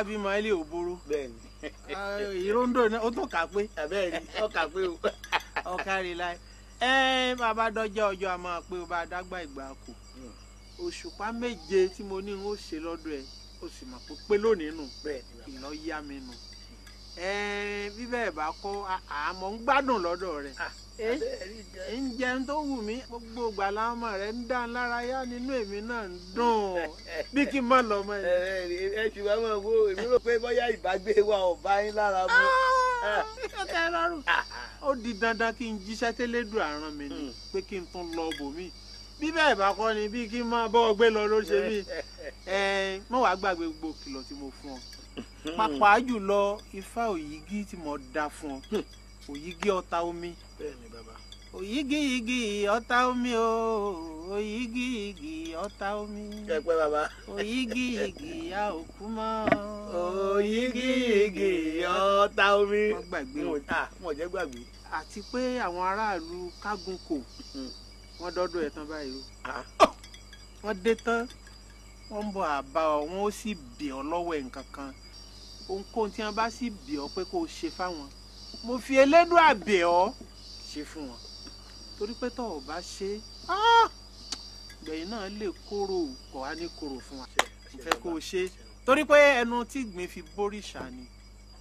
kábímọ ilé ah, kà pé kà pé o kárí láì ẹ bàbá a máa pé o bá dágbà ìgbà kù hmm. òṣùpá méje tí mo ní o ṣe ẹ sì pé lónìí nù yá mi nù bí bẹ́ẹ̀ bá kọ́ àmọ́ ń gbádùn lọ́dọ̀ rẹ̀ ah, ń gbogbo ẹ sì máa wo èmi rò pé bóyá ìbágbé wa ò bá yín lára mu. Ah, ó di dandan kí n jíṣẹ́ tẹ́lẹ́dùn àrùn mi ni pé kí n tún lọ bòmíì bí bẹ́ẹ̀ bá kọ́ ni bí kí n máa bọ́ ọgbẹ́ lọ ló ṣe mí mọ́ wàá gbàgbé gbogbo kìlọ̀ tí mo fún ọ pàápàá jùlọ ifá òyìgí tí mo dá fún ọ òyìgí ọta omi òyìgí yìgì ọta omi ooo. Oyigi igi ọ̀tá omi. ẹ̀pẹ́ bàbá. òyígí igi ya òkú mọ́. òyígí igi ọ̀tá omi. wọ́n gbàgbé o wọ́n jẹ́ gbàgbé. àti pé àwọn aráàlú kágunkò hmm. wọ́n dọ́dọ̀ ẹ̀ tán báyìí o. wọ́n dé tán wọ́n ń bọ̀ àbá ọ wọ́n ó sì bì ọ́ lọ́wọ́ nǹkan kan ohunkóhun tí wọ́n bá sì bì ọ́ pé kó o ṣe fáwọn mo fi elédùn àbẹ̀ ọ́ ṣe fún wọn torí pé tọ́ ò bá ṣe ah! gbẹ̀yìn náà lè kóró kọ̀ á ní kóró fún wa mo fẹ́ kó o ṣe torí pé ẹnu tí ìgbín fi bóríṣà ni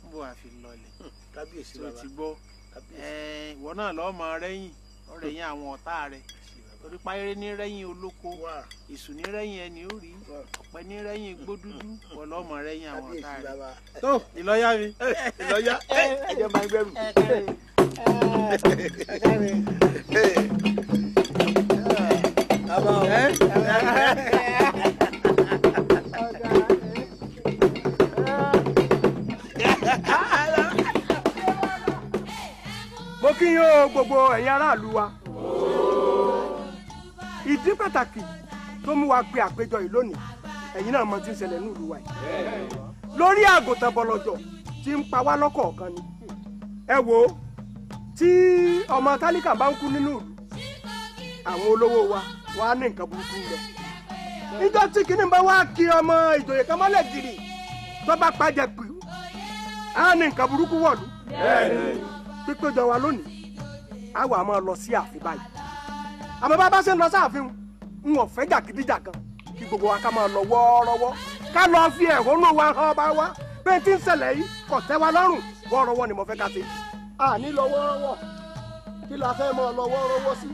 ń bọ̀ àfi lọlẹ̀ kábíyèsí ló ti gbọ́ ìwọ náà lọ́ọ́ máa rẹ́yìn ọ̀rẹ́yìn àwọn ọ̀tá rẹ̀ torí páyéré ní rẹ́yìn olóko èṣù ní rẹ́yìn ẹni ó rí ọ̀pẹ ní rẹ́yìn gbódúdú ọlọ́mọ rẹ́yìn àwọn ọ̀tá rẹ̀. tó ìlọ́yà mi ìlọ́yà ẹ̀jẹ̀ máa ń gbẹ́rù. mo kí yín o gbogbo ẹ̀yin aráàlú wa ìdí pàtàkì tó mú wa pe àpéjọ yìí lónìí ẹ̀yin náà mọ tí ń ṣẹlẹ̀ ní ìlú wa yìí lórí àgùntàn bọ̀lọ̀jọ̀ tí ń pa wá lọ́kọ̀ọ̀kan ni ẹ wo tí ọmọ tálíkà bá ń kú nínú ìlú àwọn olówó wa wà á ní nǹkan burúkú lọ. níjọ́ tí kìíní bá wá kí ọmọ ìjòyè kan mọ́lẹ̀ gírì tó bá pàjẹ́ pì í á ní nǹkan burúkú wọ̀lú. pípéjọ wa lónìí á wà máa lọ sí ààfin báyìí. àmọ́ bá bá ṣe ń lọ sáàfin ń wọ̀ fẹ́ jàkídíjà kan kí gbogbo wa ká máa lọ wọ́ọ́rọ́wọ́ ká lọ fi ẹ̀hónú wa hàn ọba wa bẹ́ẹ̀ tí ń ṣẹlẹ̀ yìí kò tẹ́ wa lọ́rùn wọ́ọ́rọ́wọ́ ni mo fẹ́ ká ṣe. àní lọ wọ́ọ́rọ́wọ́ kí la fẹ́ máa lọ wọ́ọ́rọ́wọ́ sí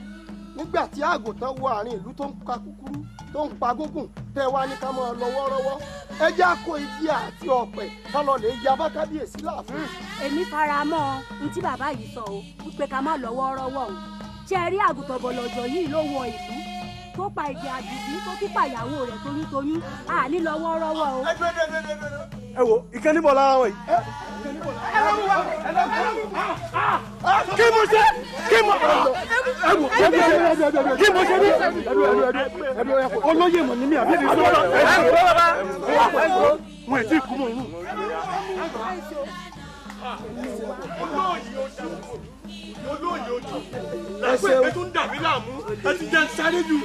nígbà tí àgùntàn wọ àárín ìlú tó ń pa kúkúrú tó ń pa gúngùn tẹ wá ní ká máa lọ wọ́rọ́wọ́ ẹ já kó igi àti ọ̀pẹ ká ya bá kábíyèsí láàfin. èmi fara mọ́ ohun tí bàbá yìí sọ o wípé ká má lọ wọ́rọ́wọ́ o ṣe rí àgùntàn bọ̀lọ̀jọ̀ yìí ló wọ ìlú tó pa èdè àdìdí tó tún pàyàwó rẹ̀ toyúntoyún àní lọ́wọ́ rọ́wọ́ o. ẹ wo ìkẹ́ níbọ̀ lára wọn yìí. kí mo ṣe kí mo kí mo ṣe bí olóyè mọ̀ ní mi àbí ẹni sọ́dọ̀ wọn kú mọ̀ nù olóòyè ojú lápò ìpè tó ń dà mí láàmú ẹ ti jẹ sáré ju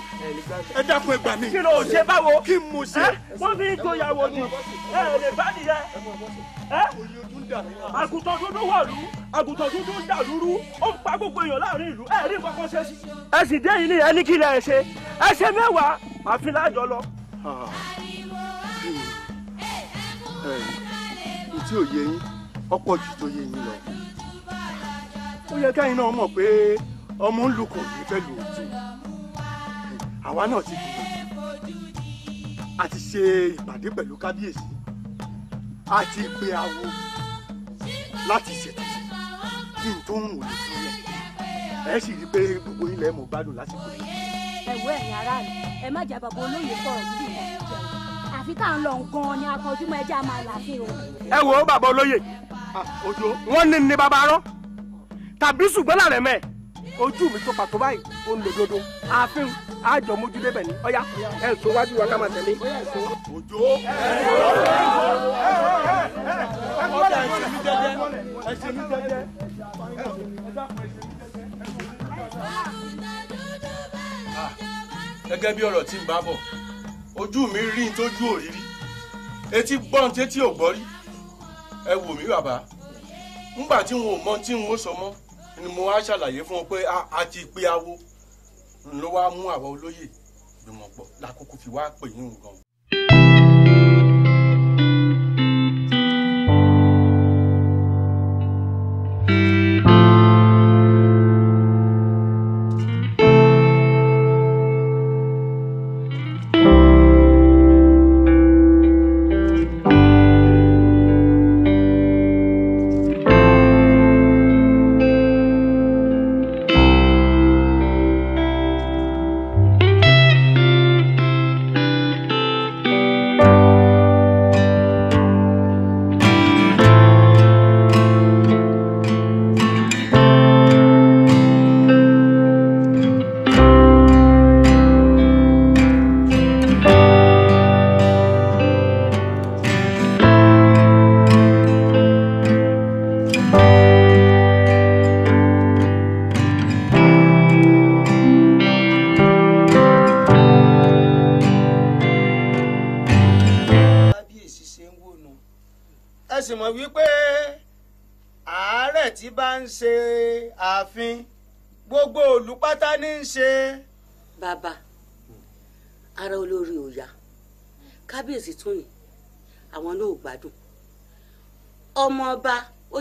ẹ dákun ẹgbà mi. kí ló ṣe báwo. kí n mo ṣe. wọ́n fi ìgbóyàwó ni ẹ lè bá nìyẹn. àgùntàn dúdú wà lù àgùntàn dúdú ń dà lúrú ó ń pa gbogbo èèyàn láàrin ìlú ẹ rí nǹkan kan ṣe sí. ẹ sì dé ilé ẹ ní kí lẹ ṣe ẹ ṣe mẹ́wàá tí ò yẹ yín ọ̀pọ̀ ju tó yẹ yín lọ ó yẹ káyìn náà mọ̀ pé ọmọ ń lukùn kì fẹ́ lu òtún àwa náà ti dùn a ti ṣe ìpàdé pẹ̀lú kábíyèsí a ti gbé awo láti ṣètò kí n tó ń wò lè fún ẹ sì rí i pé gbogbo ilẹ̀ mo gbádùn lásìkò yìí. ẹ̀wọ́ ẹ̀yin aráàlú ẹ má jẹ́ bàbá olóyè sọ̀rọ̀ níbi ìtàn àfi tá à ń lọ gan-an ni akọjú mọ́ ẹjẹ́ máa là sí o. ẹ wo bàbá olóyè òjò wọn ní ní bàbá rán tàbí ṣùgbọ́n làrẹ̀ mẹ́ ojú mi tó pàtó báyìí ó ń lò dodo ààfin àjọ mójú débẹ̀ ni ọ̀yá ẹ̀ ń so wájú wa ká máa tẹ̀lé. òjò ọ̀dà ẹ̀sìn mi jẹjẹ ẹ̀sìn mi jẹjẹ gẹ́gẹ́ bí ọ̀rọ̀ tí ń bá bọ̀ ojú mi rí ní tójú òrírí etí gbọ́n tétí ò gbọ́ rí ẹ wò mí bàbá ńgbà tí n ò mọ tí n ò sọ mọ́ ni mo wá ṣàlàyé fún wọn pé ah, a ti pé awo ló wá mú àwọn olóyè gbìmọ̀ pọ̀ lákòókò fi wá pè yín gan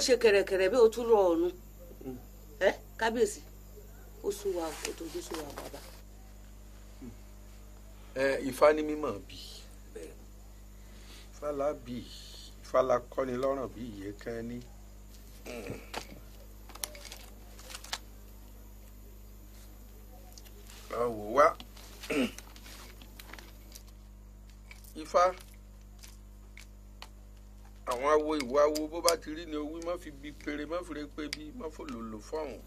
ṣe kẹ̀rẹ̀kẹ̀rẹ̀ bí o tún rọ ọ̀run hmm. ẹ kábíyèsí ó sún wa ó tójú sún wa bàbá. ẹ ifá ní mímọ̀ bí fàlà bí fàlà kọ́ni kan ní. àwò wá ifá àwọn awo ìwọ awo bó bá ti rí ni owí má fi bi péré má fi re pé bí má fò lòlò fọhùn.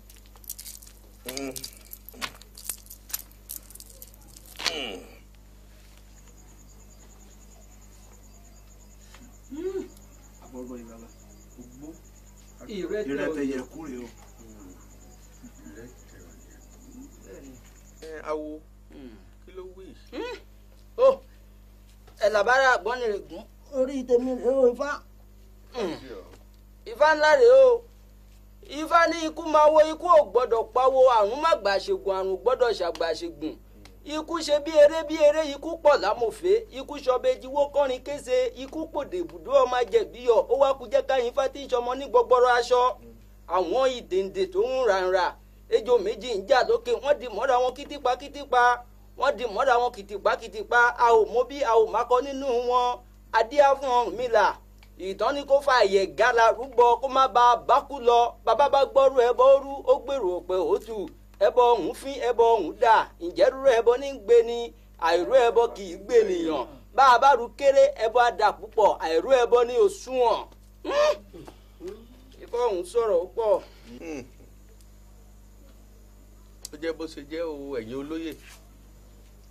Hmm. Hmm. Hmm. àbọ̀rọ̀ eh, awo kí ló wí. Oh. ẹ làbára àgbọ̀nrẹ̀ gùn orí tèmi rèé o ifá ìfá hmm. ńlá rèé o ìfá ní ikú máa wo ikú ò gbọ́dọ̀ pawó àrùn má gbàṣègùn àrùn gbọ́dọ̀ ṣàgbàṣègùn ikú ṣe bí eré bí eré ikú pọ̀ lámòfé ikú ṣọbẹjì wó kọrin kése ikú pòdè ibùdó ọmọ ajẹbíyọ ó wá kú jẹ́ káyín fá tí ń ṣọmọ ní gbọgbọrọ aṣọ àwọn ìdèǹdè tó ń ranra ejò méjì ń jà lókè wọ́n di mọ́ra wọn kìtìpa kìtìpa wọ́n di mọ́ra wọn kìtìpa kìtìpa a ò mọ bí a ò mákọ nínú wọn adíá fún ọ̀rùn mi là ìtọ́ni kó fa àyè gàlà rúbọ kó má ba bákú lọ bàbá bá gbọ́rú ẹbọ rú ó gbèrò pé ó tù ẹbọ ọ̀hún fín ẹbọ ọ̀hún dà ìjẹ́rúrú ẹbọ ní gbé ni àìrú ẹbọ kì í gbé nìyàn bá a bá rú kéré ẹbọ adà púpọ̀ àìrú ẹbọ ní òṣùwọ̀n hmm. ikọ̀ ọ̀hún sọ̀rọ̀ ó pọ̀. Hmm. ó jẹ́ bó ṣe jẹ́ o ẹ̀yin olóyè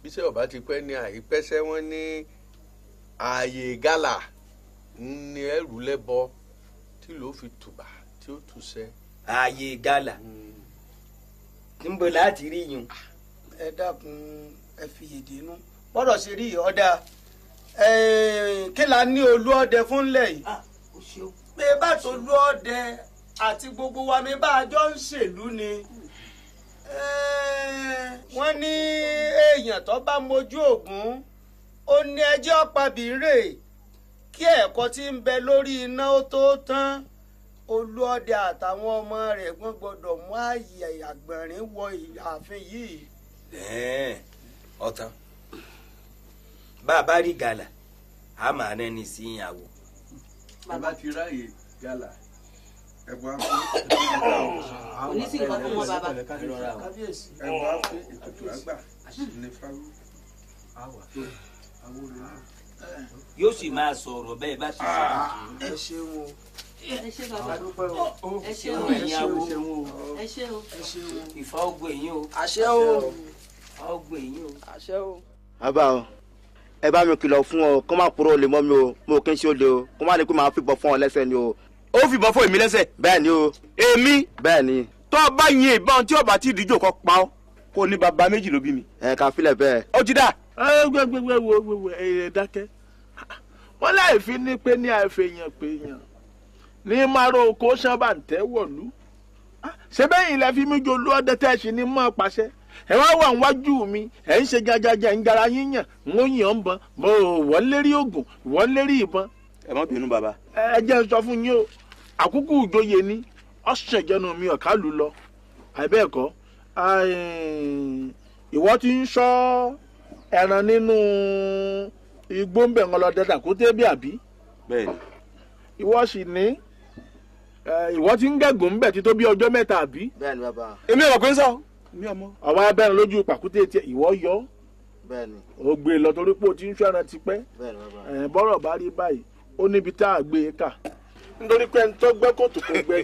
bíṣẹ́ ọ̀bá ti pẹ́ ní àìpẹ́sẹ́ wọ́n ní ààyè gálà ní ẹrù lẹ́bọ tí ló fi tùbà tí ó tùsẹ. ààyè gala hmm. níbo láti rí yun. Ah, ẹ dákun ẹ fi èdè inú bọ́dọ̀ ṣe rí ọ̀dà kí la ní olú ọdẹ fúnlẹ̀ yìí pé ah, bá tó olú ọdẹ àti gbogbo wa mi bá a jọ ń ṣèlú ni wọ́n ní èèyàn tó bá mojú ògún ó ní ẹjọ́ pabìrè kí ẹ̀kọ́ tí ń bẹ lórí iná ó tó tán olúọdẹ àtàwọn ọmọ rẹ̀ wọ́n gbọ́dọ̀ mú ààyè àgbọ̀nrín wọ ààfin yìí. ọ̀tán bá a bá rí gàlà a máa rẹ́ni sí ìyàwó. bàbá ti ráàyè gàlà ẹ̀bùn àfin onísìnkọ́ fún wọn bàbá ẹ̀bùn àfin ètùtù àgbà ní fáwọn àwọn olùwà yóò sì máa sọ̀rọ̀ bẹ́ẹ̀ bá ti sọ̀rọ̀ kì ah, í. ẹ ṣeun o ẹ ṣe bàbá ẹ ṣe o ẹ ṣe o ẹ ṣe o ìfà ogun ẹ̀yìn o àṣẹ o ìfà ogun ẹ̀yìn o àṣẹ o. bàbá o ẹ bá mi kìlọ̀ fún ọ kó má purọ́ olè mọ́ mi o mo kí n ṣe olè o kó má ní pé màá fìbọn fún ọ lẹ́sẹ̀ ni o. ó fìbọn fún èmi lẹ́sẹ̀. bẹ́ẹ̀ ni o. èmi. bẹ́ẹ̀ ni. tó o bá yin ìbọn tí o bá ti dìjọ kọ pa ọ kó o ní bàbá méjì ló bí mi. ẹ kà á filẹ̀ bẹ́ẹ̀. ó ti dáa ẹ ah, eh, dákẹ́ wọ́n láì fi ní pé ní àìfẹ̀yàn pèèyàn ní márùn oko sábàǹtẹ́ wọ̀lú ah, ṣé bẹ́yìn ilẹ̀ fi mí jolú ọdẹ tẹ́ ẹ sì ní mọ́ pàṣẹ ẹ wá wà níwájú mi ẹ ń ṣe jajaja ń jara yíyàn ń ó yàn ń bọn mo wọ́n lérí oògùn wọ́n lérí ìbọn. ẹ má bínú bàbá. ẹ jẹ́ sọ fún yín o àkókò ìjòyè ni ọ̀sẹ̀ ìjẹnu mi ọ̀ká lù lọ àìbẹ́ẹ̀kọ́ ìwọ ti ń sọ ẹran nínú igbó ń bẹ̀ wọn lọ dẹ́ta kó tẹ́ bí àbí. bẹ́ẹ̀ni. ìwọ sì ní ìwọ ti ń gẹ̀gùn ń bẹ̀ ti tó bí ọjọ́ mẹ́ta àbí. bẹ́ẹ̀ni bàbá. èmi ò kò ń sọ. mi ò mọ. ọ̀wá abẹ́rẹ́ lójú pàkúté tiẹ̀ ìwọ yọ. bẹ́ẹ̀ni. o gbé e lọ torí pé o ti ń ṣọ́ra tipẹ́. bẹ́ẹ̀ni bàbá. ẹ̀ bọ́rọ̀ bá rí báyìí ó níbi tá a gbé e kà nítorí pé ẹni tó gbẹ́ gbẹ́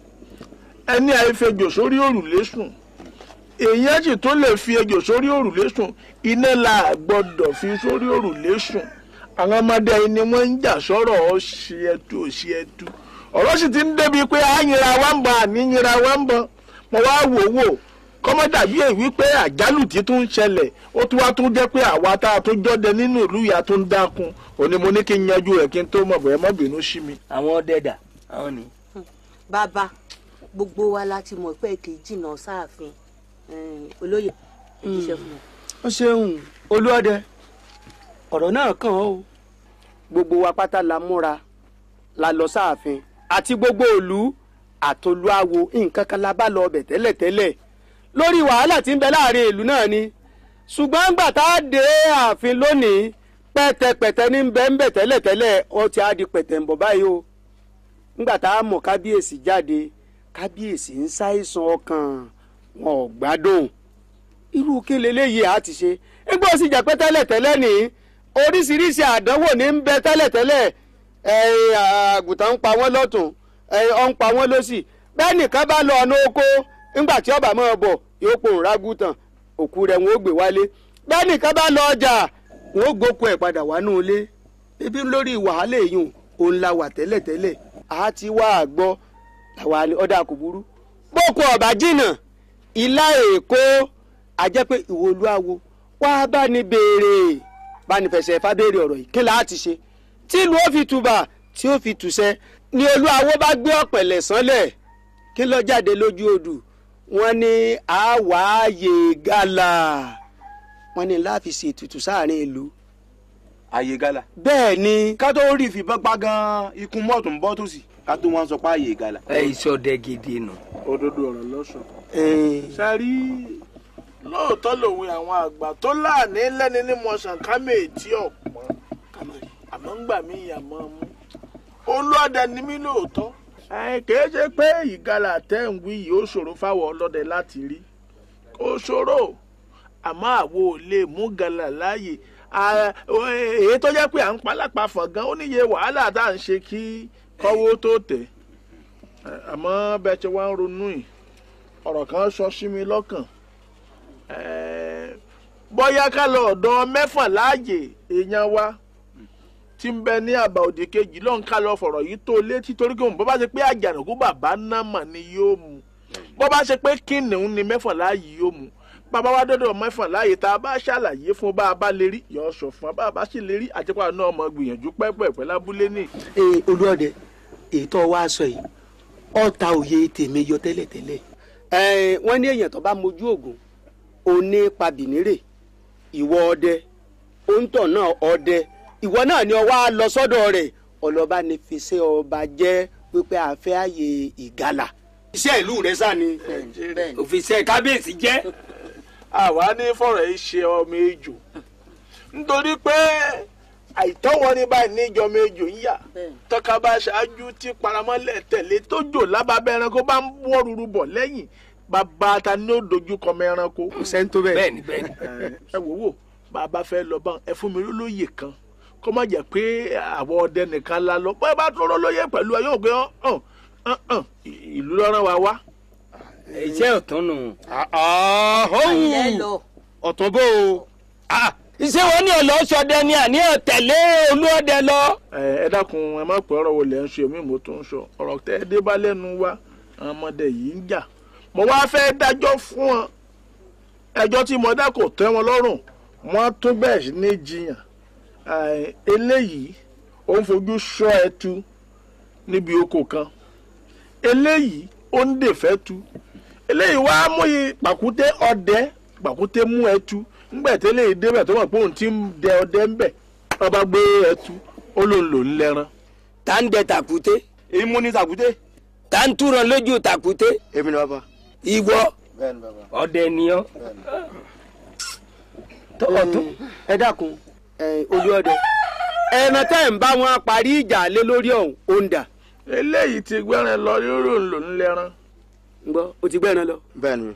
ẹni àìfẹjọ sórí òrùlé sùn èyí á sì tó lè fi ejò sórí òrùlé iná la gbọ́dọ̀ fi sórí òrùlé sùn àwọn ọmọdé yìí ni wọ́n ń jà sọ̀rọ̀ ọ̀sẹ̀ ẹtu ọ̀sẹ̀ ẹtu ọ̀rọ̀ sì ti ń débi pé àyìnra wa ń bọ̀ àníyìnra wa ń bọ̀ mo wá wò wò kọ́mọ́dà yìí èyí pé àjálù tí tún ń ṣẹlẹ̀ ó tún wá tún jẹ́ pé àwa tá a tún jọ́dẹ nínú ìlú ìyá tó ń dákun òní mo ní kí n yanjú rẹ̀ kí n tó mọ̀ bẹ́ẹ̀ mọ́ bínú sí mi. àwọn ọdẹ dà àwọn ni. bàbá gbogbo wa láti mọ̀ pé kì í jìnnà sáàfin eh, olóyè ìjíṣẹ́ fún wọn. ó ṣeun olúọdẹ ọ̀rọ̀ náà kàn ọ́. gbogbo wa pátá la múra la lọ sáàfin àti gbogbo ìlú àtolúawo nǹkan kan la bá lọ ọbẹ̀ tẹ́lẹ̀tẹ́lẹ̀ lórí wàhálà tí ń bẹ láàrin ìlú náà ni ṣùgbọ́n nígbà tá a dé ààfin lónìí pẹ̀tẹ̀pẹ̀tẹ̀ ní bẹ́ńbẹ̀ tẹ́lẹ̀tẹ́lẹ̀ ó ti á di pẹ̀tẹ̀ ń bọ̀ báyìí o nígbà tá a mọ̀ kábíyèsí jáde kábíyèsí ń ṣàìsàn ọkàn wọn ò gbádùn irú kílè léyìí á ti ṣe nígbà ó sì jẹ́ pé tẹ́lẹ̀tẹ́lẹ̀ ní oríṣiríṣi àdánwò ní ń bẹ tẹ́lẹ̀tẹ́lẹ̀ àgùntàn ń pa wọ́n lọ́tún ọ̀ ń pa wọ́n lọ́sì bẹ́ẹ̀ nìkan bá lọ ọ̀nà oko ńgbà tí ọba bọ̀ yóò pò ń òkú rẹ̀ ó bẹ́ẹ̀ nìkan bá lọ ọjà ẹ̀ padà wá nù lórí wà làwọn alẹ ọdọ burú boko ọba jìnnà ilá èkó àjẹ́ pé ìwọ olúwawo wàá bá ní béèrè bá ní fẹsẹ̀ fábẹ́rẹ́ ọ̀rọ̀ yìí kí láti ṣe tílu ó fi tùbà tí ó fi tùṣẹ́ ni olúwawo bá gbé ọ̀pẹ̀lẹ̀ sánlẹ̀ kí ló jáde lójú odù wọ́n ní àwáàyè gàlà wọ́n ní láàfin ṣe ètùtù sáàrin ìlú. àyè gàlà. bẹ́ẹ̀ ni. ká tó rí ìfìbọn pa gan-an ikú mọ́ọ̀tún bọ́ tòsí ká tó wọn sọ pé àyè ìgalà. ẹ ìṣọdẹ gidi nù. òdodo ọ̀rọ̀ lọ́sùn. sari eh. lóòótọ́ lòun àwọn àgbà tó láàánú lẹ́ni ní mọ̀sán kámẹ́ ètí ọ̀pọ̀ àmọ́ ń gbà mí ìyàmọ́ mú olóòdà ni mí lóòótọ́. kìí ṣe pé ìgalà tẹ́ ń wí yìí ó ṣòro fáwọn ọlọ́dẹ láti rí kó ṣòro àmọ́ àwo ò lè mú gàlà láàyè èyí tó jẹ́ pé à ń palápàfọ̀ gan ó níye wàhálà tá à ń ṣe kí kọ́wó tó tẹ̀ àmọ́ bẹ́ẹ̀ ti wá ń ronú yìí ọ̀rọ̀ kan sọ sí mi lọ́kàn bóyá ká lọ ọ̀dọ̀ mẹ́fà láàyè èèyàn wa tí ń bẹ ní àbá òdì kejì lọ́n ká lọ fọ̀rọ̀ yìí tó létí torí kí òun bó bá ṣe pé àjànàkú bàbá náà ni yóò mu bó bá ṣe pé kìnìún ni mẹ́fà láàyè yóò mu bàbá wa dọ́dọ̀ mẹ́fà láàyè tá a bá ṣàlàyé fún bá a bá lè rí yọ sọ fún bá a bá sì lè rí àtipá náà mọ gbìyànjú pẹ́pẹ́pẹ́ lábúlé ní. ee olúọdẹ èyí tó wá sọ yìí ọ̀tá òye tèmi yọ tẹ́lẹ̀tẹ́lẹ̀ wọ́n ní èèyàn tó bá mojú ògùn òní pabìnírè ìwọ ọdẹ òǹtọ̀ náà ọdẹ ìwọ náà ni ọwọ́ á lọ sọ́dọ̀ rẹ̀ ọlọ́ba ni fèsì ọba jẹ́ pípẹ́ àfẹ́ àyè ìgalà. iṣẹ́ ìlú rẹ̀ sá ni òfìsẹ́ kábíyèsí jẹ́. àwa ní fọ̀rọ̀ yìí ṣe ọmọ ejò nítorí pé àìtọ́wọ́ ní báyìí níjọ méjò ń yà tọ́ka bá ṣáájú tí paramọ́lẹ̀ tẹ̀lé tó jò lábàbẹ́ ẹranko bá ń wọ́ ruru bọ̀ lẹ́yìn bàbá ta ní ó dojú kọ ọmọ ẹranko. kò sẹ́ni tó bẹ́ẹ̀ bẹ́ẹ̀ni bẹ́ẹ̀ni. ẹ wò wò bàbá fẹ́ lọ bá ẹ fún mi lólóyè kan kó má jẹ́ pé àwọ̀ ọdẹ nìkan la lọ bá ẹ bá tó lólóyè pẹ̀lú ẹ yóò gbé hàn hàn ìlú lọ́rán wa wá. iṣẹ́ ọ̀tún nù. Ah, ah, ọ̀tún bó o. Ah, ṣé wọn ní ọlọ sọdẹ ni àní ọtẹlẹ olúọdẹ lọ. ẹ dákun ẹ má pẹ ọ̀rọ̀ wo lẹ ń ṣe mí mo tún ń sọ ọ̀rọ̀ tẹ ẹ dé bá lẹ́nu wa àwọn ọmọdé yìí ń jà mo wá fẹ́ dájọ́ fún wọn ẹjọ́ tí mo dá kò tẹ́ wọn lọ́rùn wọn tún bẹ́ẹ̀ ní jiyàn eléyìí ó ń fojú sọ ẹtu níbi oko kan eléyìí ó ń dè fẹ́ tu eléyìí wá mú yìí pàkúté ọdẹ pàkúté mú ẹtu. E ńgbẹ̀ tẹ́lẹ̀ débẹ̀ tó mọ̀ pé òun ti ń dẹ ọdẹ ńbẹ̀ ọba gbé ẹtu ó lòun lò ń lẹ́ran. ta ń dẹ tàkúté. èyí mú ní tàkúté. ta ń túran lójú tàkúté. èmi ni bàbá. ìwọ ọdẹ nìyàn. ọtún ẹ dákun olú ọdẹ ẹ̀ẹ̀mẹ tẹ́ ń bá wọn parí ìjà lé lórí ọ̀hún òǹdà. eléyìí ti gbẹ́ran lọ yóò lòun lò ń ń gbọ́ o ti gbẹ́ran lọ. bẹ́ẹ̀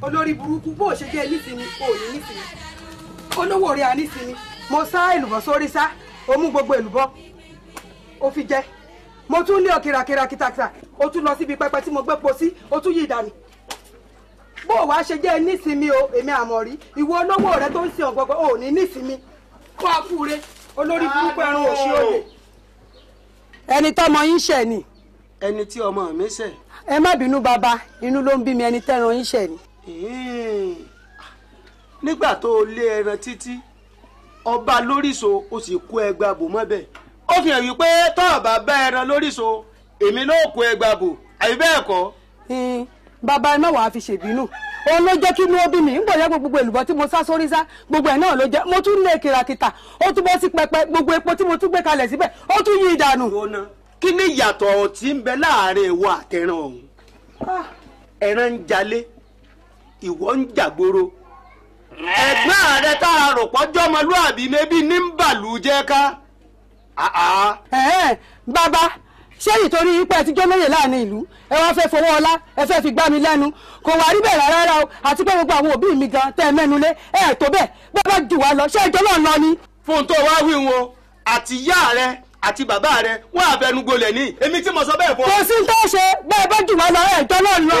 olórí burúkú bó o ṣe jẹ́ nísìnyí o ní nísìnyí olówó rẹ̀ ànísìnyí mo sá èlùbọ́ sórí sá o mú gbogbo èlùbọ́ o fi jẹ mo tún ní ọ̀kìràkìrà kìtàkìtà o tún lọ síbi pẹpẹ tí mo gbé po sí o tún yí ìdànù bó o wá ṣe jẹ́ nísìnyí o èmi àmọ̀ rí ìwọ olówó rẹ̀ tó ń sin ọ̀gbọ̀gbọ̀ o ní nísìnyí kó a kú re olórí burúkú ẹran òṣì òye ẹni tọmọ yín ṣẹ̀ ni ẹni tí ọmọ mi ṣẹ̀ ẹ má bínú bàbá inú ló ń bí mi ẹni tẹ́ran yín ṣẹ̀ ni nígbà tó o lé ẹran títí ọba lóríṣo o sì kó ẹgbà bò mọ́bẹ̀ ó fi hàn wípé tọ́ọ̀bà bá ẹran lóríṣo èmi náà kó ẹgbà bò àbí bẹ́ẹ̀ kọ́. bàbá ẹ wàá fi ṣèbínú òun ló jẹ́ kí ó bí mi nígbà gbogbo èlùbọ́ tí mo sá sórí sá gbogbo ẹ̀ náà ló jẹ́ mo tún lé ó tún bọ́ sí pẹpẹ gbogbo epo tí mo tún tí ń bẹ láàárín ìwọ ń jàgboro ẹ̀gbọ́n rẹ tá a rò pọ́jọ́ ọmọlúàbí mẹ́bí ní ń bàlù jẹ́ ká. bàbá ṣé nítorí ipa ẹtijọ́ lóye láàrin ìlú ẹ wá fẹ́ fowó ọlá ẹ fẹ́ fi gbá mi lẹ́nu kò wá rí bẹ́ẹ̀ rárá o àti pé gbogbo àwọn òbí mi gan tẹ́ ẹ mẹ́nu lé ẹ tó bẹ́ẹ̀ bẹ́ẹ̀ jù wá lọ ṣé náà lọ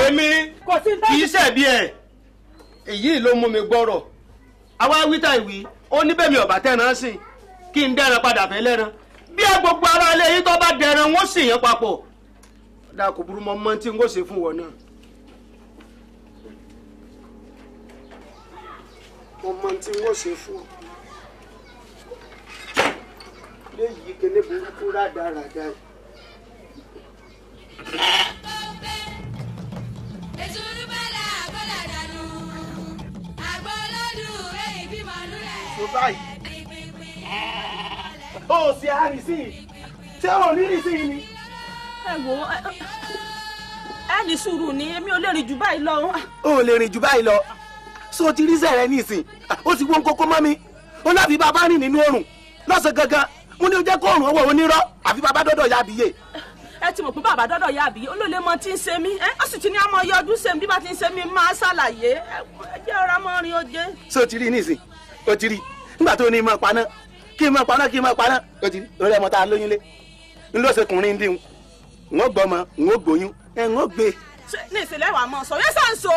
ni. èyí ló mú mi gbọ́rọ̀ àwa wíta ìwí ó níbẹ̀ mi ọ̀bà tẹ̀ràn sí kí n dẹ́ran padà fẹ́ lẹ́ran bí a gbogbo ara ilé yìí tó bá dẹ̀ran wọ́n sì yẹn papọ̀ dáa kò burú mọ́ mọ́ tí n kò ṣe fún wọn náà. mo mọ tí n ó ṣe fún ọ léyìí kéde burúkú rádaràda yìí. ètò ìrúbá báyìí ó sì àárín sí i ṣé ò ní rí sí i ni. ẹ wo ẹ ní sùúrù ni èmi ò lè rìn jù báyìí lọ. o lè rìn jù báyìí lọ so ti rí sẹ̀rẹ̀ nísìn ó ti wọ́n kókó mọ́ mi ó láfi bàbá rìn nínú oòrùn lọ́sàn gangan mo ní o jẹ́ kó oòrùn ọwọ́ onírọ́ àfi bàbá dọ́dọ̀ ya àbíyè. ẹ ti mọ̀ pé bàbá dọ́dọ̀ ya àbíyè olóòlé mọ tí ń ṣe mí ẹ ó sì ti ní àmọ́ iye ọdún ṣe mí bí bá ti ń ṣe mí máa ṣàlàyé ẹ jẹ́ ọ̀rá mọ́ rin oje. so ti rí nísìn o ti rí nígbà tó ní mọ̀ paná kí mọ̀ paná kí mọ̀ paná ó ti lórí ọmọ tá a lóyún lé ńlọ́sẹ̀kùnrin dín un ń gbọ́mọ ń gbóyún ẹ̀ ń gbé ní ìsìnlẹ̀ wà mọ̀ sọ yẹ sàn so.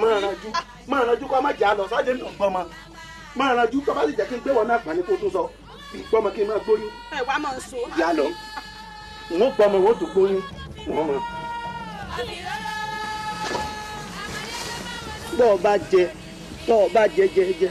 máa ranjú máa ranjú kó a jà lọ sáájú ní ọgbọ́n ma máa ranjú kó a bá sì jẹ́ kí n gbé wọn náà pa ní kó tó sọ ìgbọ́n ma kí n máa gbóyún. ẹ wàá mọ̀ so. yà lọ n ó wọn tó gbóyún wọn mọ. bọ́ọ̀ bá jẹ bọ́ọ̀ bá jẹ jẹ jẹ.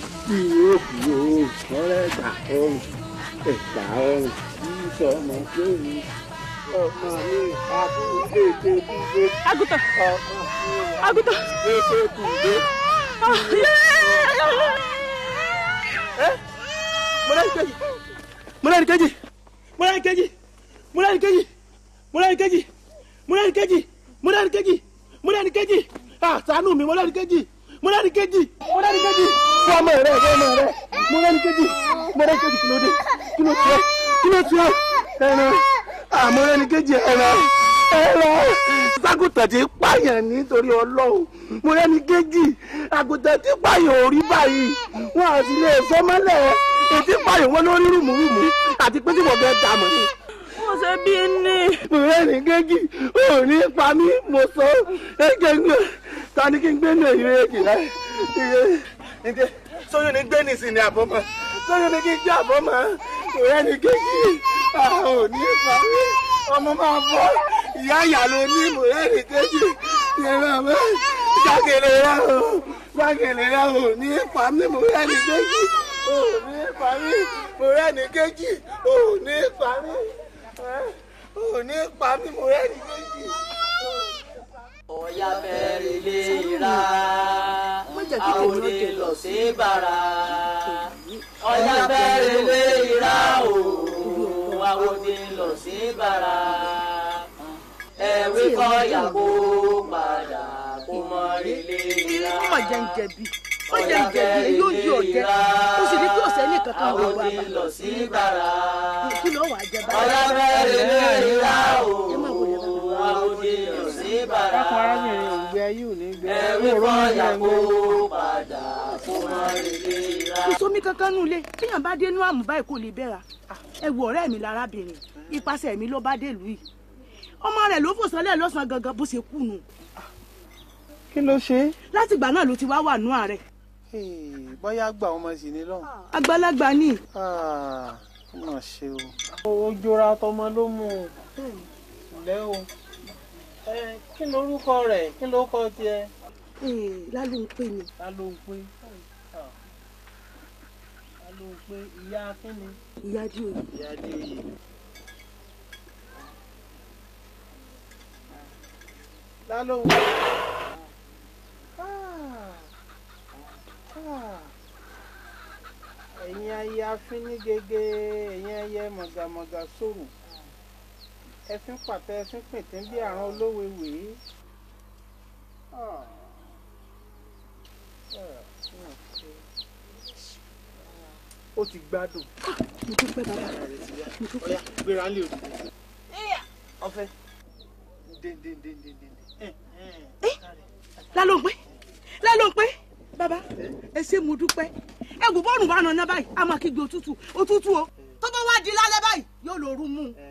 tí kejì Mulani kejì Mulani kejì Mulani kejì Mulani kejì Mulani kejì Mulani kejì ah kejì Mulani kejì Mulani kejì wọ́n ọmọ rẹ̀ wọ́n ọmọ rẹ̀ mo rẹ́ ní kejì mo rẹ́ kejì kìlódé kìló tiẹ̀ kìló tiẹ̀ ẹran àmọ́ rẹ́ ní kejì ẹran ẹran ságùtàn ti pààyàn nítorí ọlọ́run mo rẹ́ ní kejì àgùntàn ti pààyàn orí báyìí wọn àti ilé ìfọ́mọ́lẹ̀ ètí pààyàn wọn lórí rùmùrùmù àti pé tí mo fẹ́ dà mọ́ ni mo ṣe bí ní. ọ̀rẹ́ ní géjì ò ní pa mí mo sọ ẹ jẹ́ ń gbé ta ni kí n gbé ní èyí rẹ̀ kìlá ǹjẹ́ sóyún ní gbé nìsín ní àbọ̀mọ́ sóyún ní kí n jẹ́ àbọ̀mọ́ kò rẹ́ ní kéjì àwọn ò ní parí ọmọ máa bọ́ ìyá ìyá ló ní mò rẹ́ ní kéjì ìyẹn bàbá jákèlè rẹ o jákèlè rẹ o ní parí mò rẹ́ ní kéjì o ní parí mò rẹ́ ní kéjì o ní parí o ní parí mò rẹ́ ní kéjì ọ̀yà bẹ̀rẹ̀ lè ra àwòrán lọ sí bàrà ọ̀yà bẹ̀rẹ̀ lè ra o àwòrán lọ sí bàrà ẹ̀wí kọ́ yàgò padà kó mọ ilé ra ọ̀yà bẹ̀rẹ̀ lè ra àwọn onílọ̀sí bàrà ọ̀yà bẹ̀rẹ̀ lè ra o dákun arábìnrin ògbé ayé ò ní gbé ẹ̀wé kọ́yà kó padà kó má lè lè ra. kò sómi kankan nù lé téèyàn bá dé inú àmú báyìí kò lè bẹ́ra ẹ wo ọ̀rẹ́ mi lárábìnrin ipasẹ̀ mi ló bá dé ìlú yìí ọmọ rẹ̀ ló fòsànlẹ̀ lọ́sàn-án gangan bó ṣe kú nù. kí ló ṣe é. láti ìgbà náà ló ti wá wà nù ààrẹ. bóyá àgbà ọmọ sì ni lọ́hùn. àgbàlagbà ni. ọmọ ṣe o. ó jọra tọmọ ló mú un. lẹ́ kí lorúkọ rẹ̀ kí lorúkọ tiẹ̀. lálóńpé ni. lálóńpé ah. lálóńpé ìyá kíni. ìyá di òye. ìyá di òye. lálóńpé. ẹ̀yin ayé afínigege ẹ̀yin ayé mọ̀gàmọ̀gà sòrò ẹfin pàtẹ ẹfin pètè bí àrùn olówó ewé. Ah. Ah, ó ti gbádùn. Ah, mo dúpẹ́ bàbá mo dúpẹ́. gbéra ń lè odò. ọfẹ dèndèndèndèndè. Eh, lálọ́ pé lálọ́ pé bàbá ẹ ṣé mo dúpẹ́ ẹ gbọ́ bọ́ọ̀lù wa nà ná báyìí a máa kígbe òtútù òtútù o eh. tó bá wá di lálẹ́ báyìí yóò lòórùn mú un. Eh.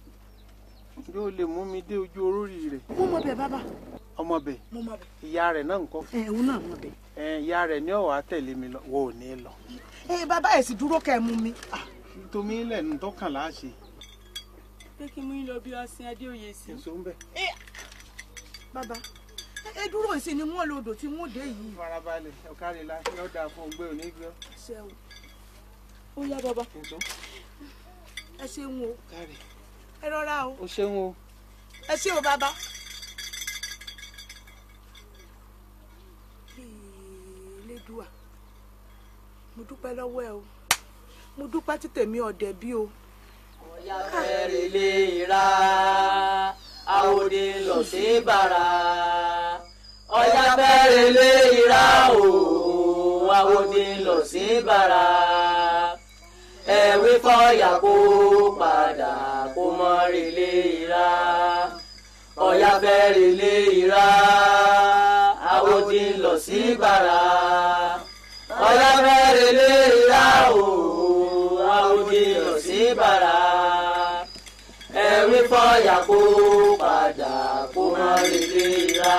yóò lè mú mi dé ojú orórì rẹ̀. mo mọ bẹ bàbá. ọmọ bẹ ìyá rẹ̀ náà ńkọ́. ẹ òun náà mọ bẹ. ẹ ìyá rẹ̀ ni ọwọ àtẹlé mi lọ wo ò ní lọ. ẹ bàbá ẹ sì dúró kẹ́ mú mi. tomi ilẹ̀ ń tọ́kàn láàṣẹ. pé kí mú yín lọ bí ọsìn adéoyè sí. èso ń bẹ. bàbá ẹ dúró ìsìn ni wọn lòdò tí wọn dé yìí. farabalẹ̀ ọ̀kárẹ̀ la yóò dáa fún ògbé òní gbé ṣé o ó yá bàbá. ẹ ṣeun o ẹ rọra o. o ṣeun o. ẹ ṣé o bàbá. Elédùà mo dúpẹ́ lọ́wọ́ ẹ o mo dúpẹ́ tí tèmi ọ̀dẹ̀ bí o. ọ̀yà fẹ́rẹ̀ lè ra àwòdì lọ sí bàrà ọ̀yà fẹ́rẹ̀ lè ra o àwòdì lọ sí bàrà ẹ̀wí fọ́yà kó padà kó mọ́ relé ìra ọ̀yá fẹ́ relé ìra àwọn ti ń lọ sí bàrà ọ̀yá fẹ́ relé ìra o àwọn ti ń lọ sí bàrà ẹ̀rí fọ́yà kó padà kó mọ́ relé ìra.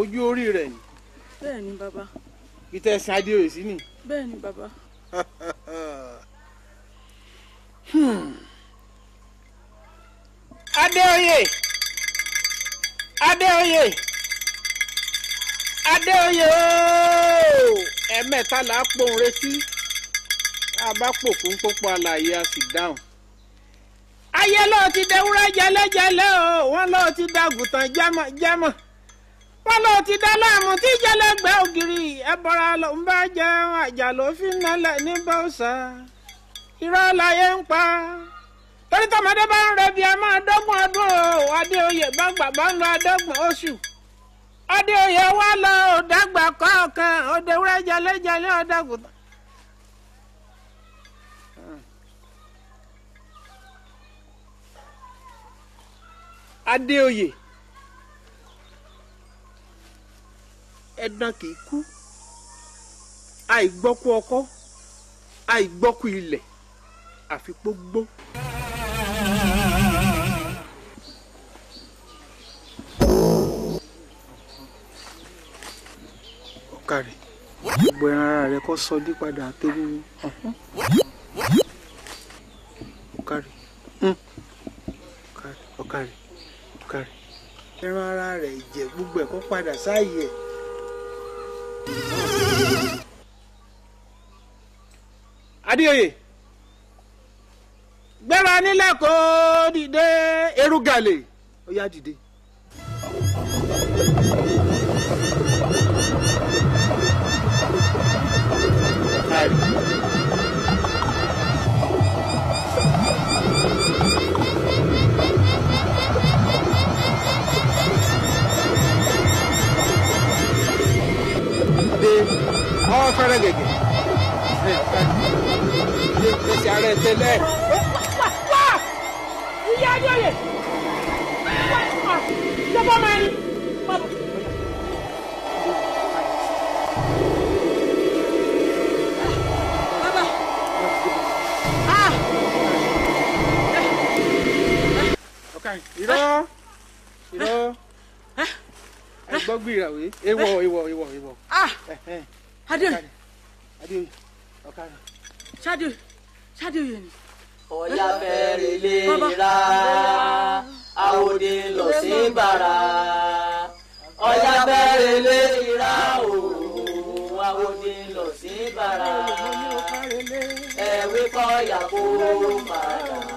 ojú orí rẹ̀ ni. bẹ́ẹ̀ ni bàbá. ìtẹ̀sán adéoyè sí ni bẹ́ẹ̀ ni bàbá. Hmm. adéoyè adéoyè adéoyè ooo ẹ̀ẹ̀mẹ́ta là á pohùn retí tá a bá pòkún pópó alààyè a sì dáhùn ayé lọ́ọ́ ti dẹ́wúrẹ́ jẹ́lẹ́jẹ́lẹ́ o wọ́n lọ́ọ́ ti dàgùtàn jámọ̀ wọ́n lọ ti dá láàmú tí jẹlẹgbẹ ògiri ẹbọra ló ń bá jẹun àjà ló fi ń nálẹ ní bọ́ọ̀sà irọ́ láyé ń pa torí tọmọdé bá ń rẹbi ẹ máa dọ́gbọ̀n ọdún o adéoyè bá gbàgbọ́ ń lọ adọ́gbọ̀n oṣù adéoyè wá lọ òdàgbà kọ̀ọ̀kan òdèwúrẹ́ jẹlẹ́jẹlẹ́ ọ̀dàgùtàn. adéoyè. ẹ̀dán kì í kú àìgbọ́kú ọkọ́ àìgbọ́kú ilẹ̀ àfi gbogbo. ọ̀kàrẹ̀ gbogbo ara rẹ kọ́ sọdí padà torí hmm. ọ̀kàrẹ̀ ọ̀kàrẹ̀ ọ̀kàrẹ̀ ẹran ara rẹ ìjẹ́ gbogbo ẹ̀ kọ́ padà sáàyè ẹ̀. adéoyè gbéra nílẹ̀ kó dìde erugàlè ó yá dìde. fẹ́rẹ̀ gègé ẹsẹ̀ ààrẹ tẹ́lẹ̀. ìyá adóye lọ́bọ̀ máa ń bàbá. irọ́ irọ́ ẹgbọ́gbìràwé ewọ̀ ewọ̀ ewọ̀ ewọ̀. Ah. Adéoyè. Adéoyè. Ọ̀kadà. Ṣádéoyè. Ṣádéoyè ni. Ọ̀yá bẹ̀rẹ̀ lè ra, àwòdì lọ sí bàrà. Ọ̀yá bẹ̀rẹ̀ lè ra o, àwòdì lọ sí bàrà. Ẹ̀wí kọ́ yàgò bàrà.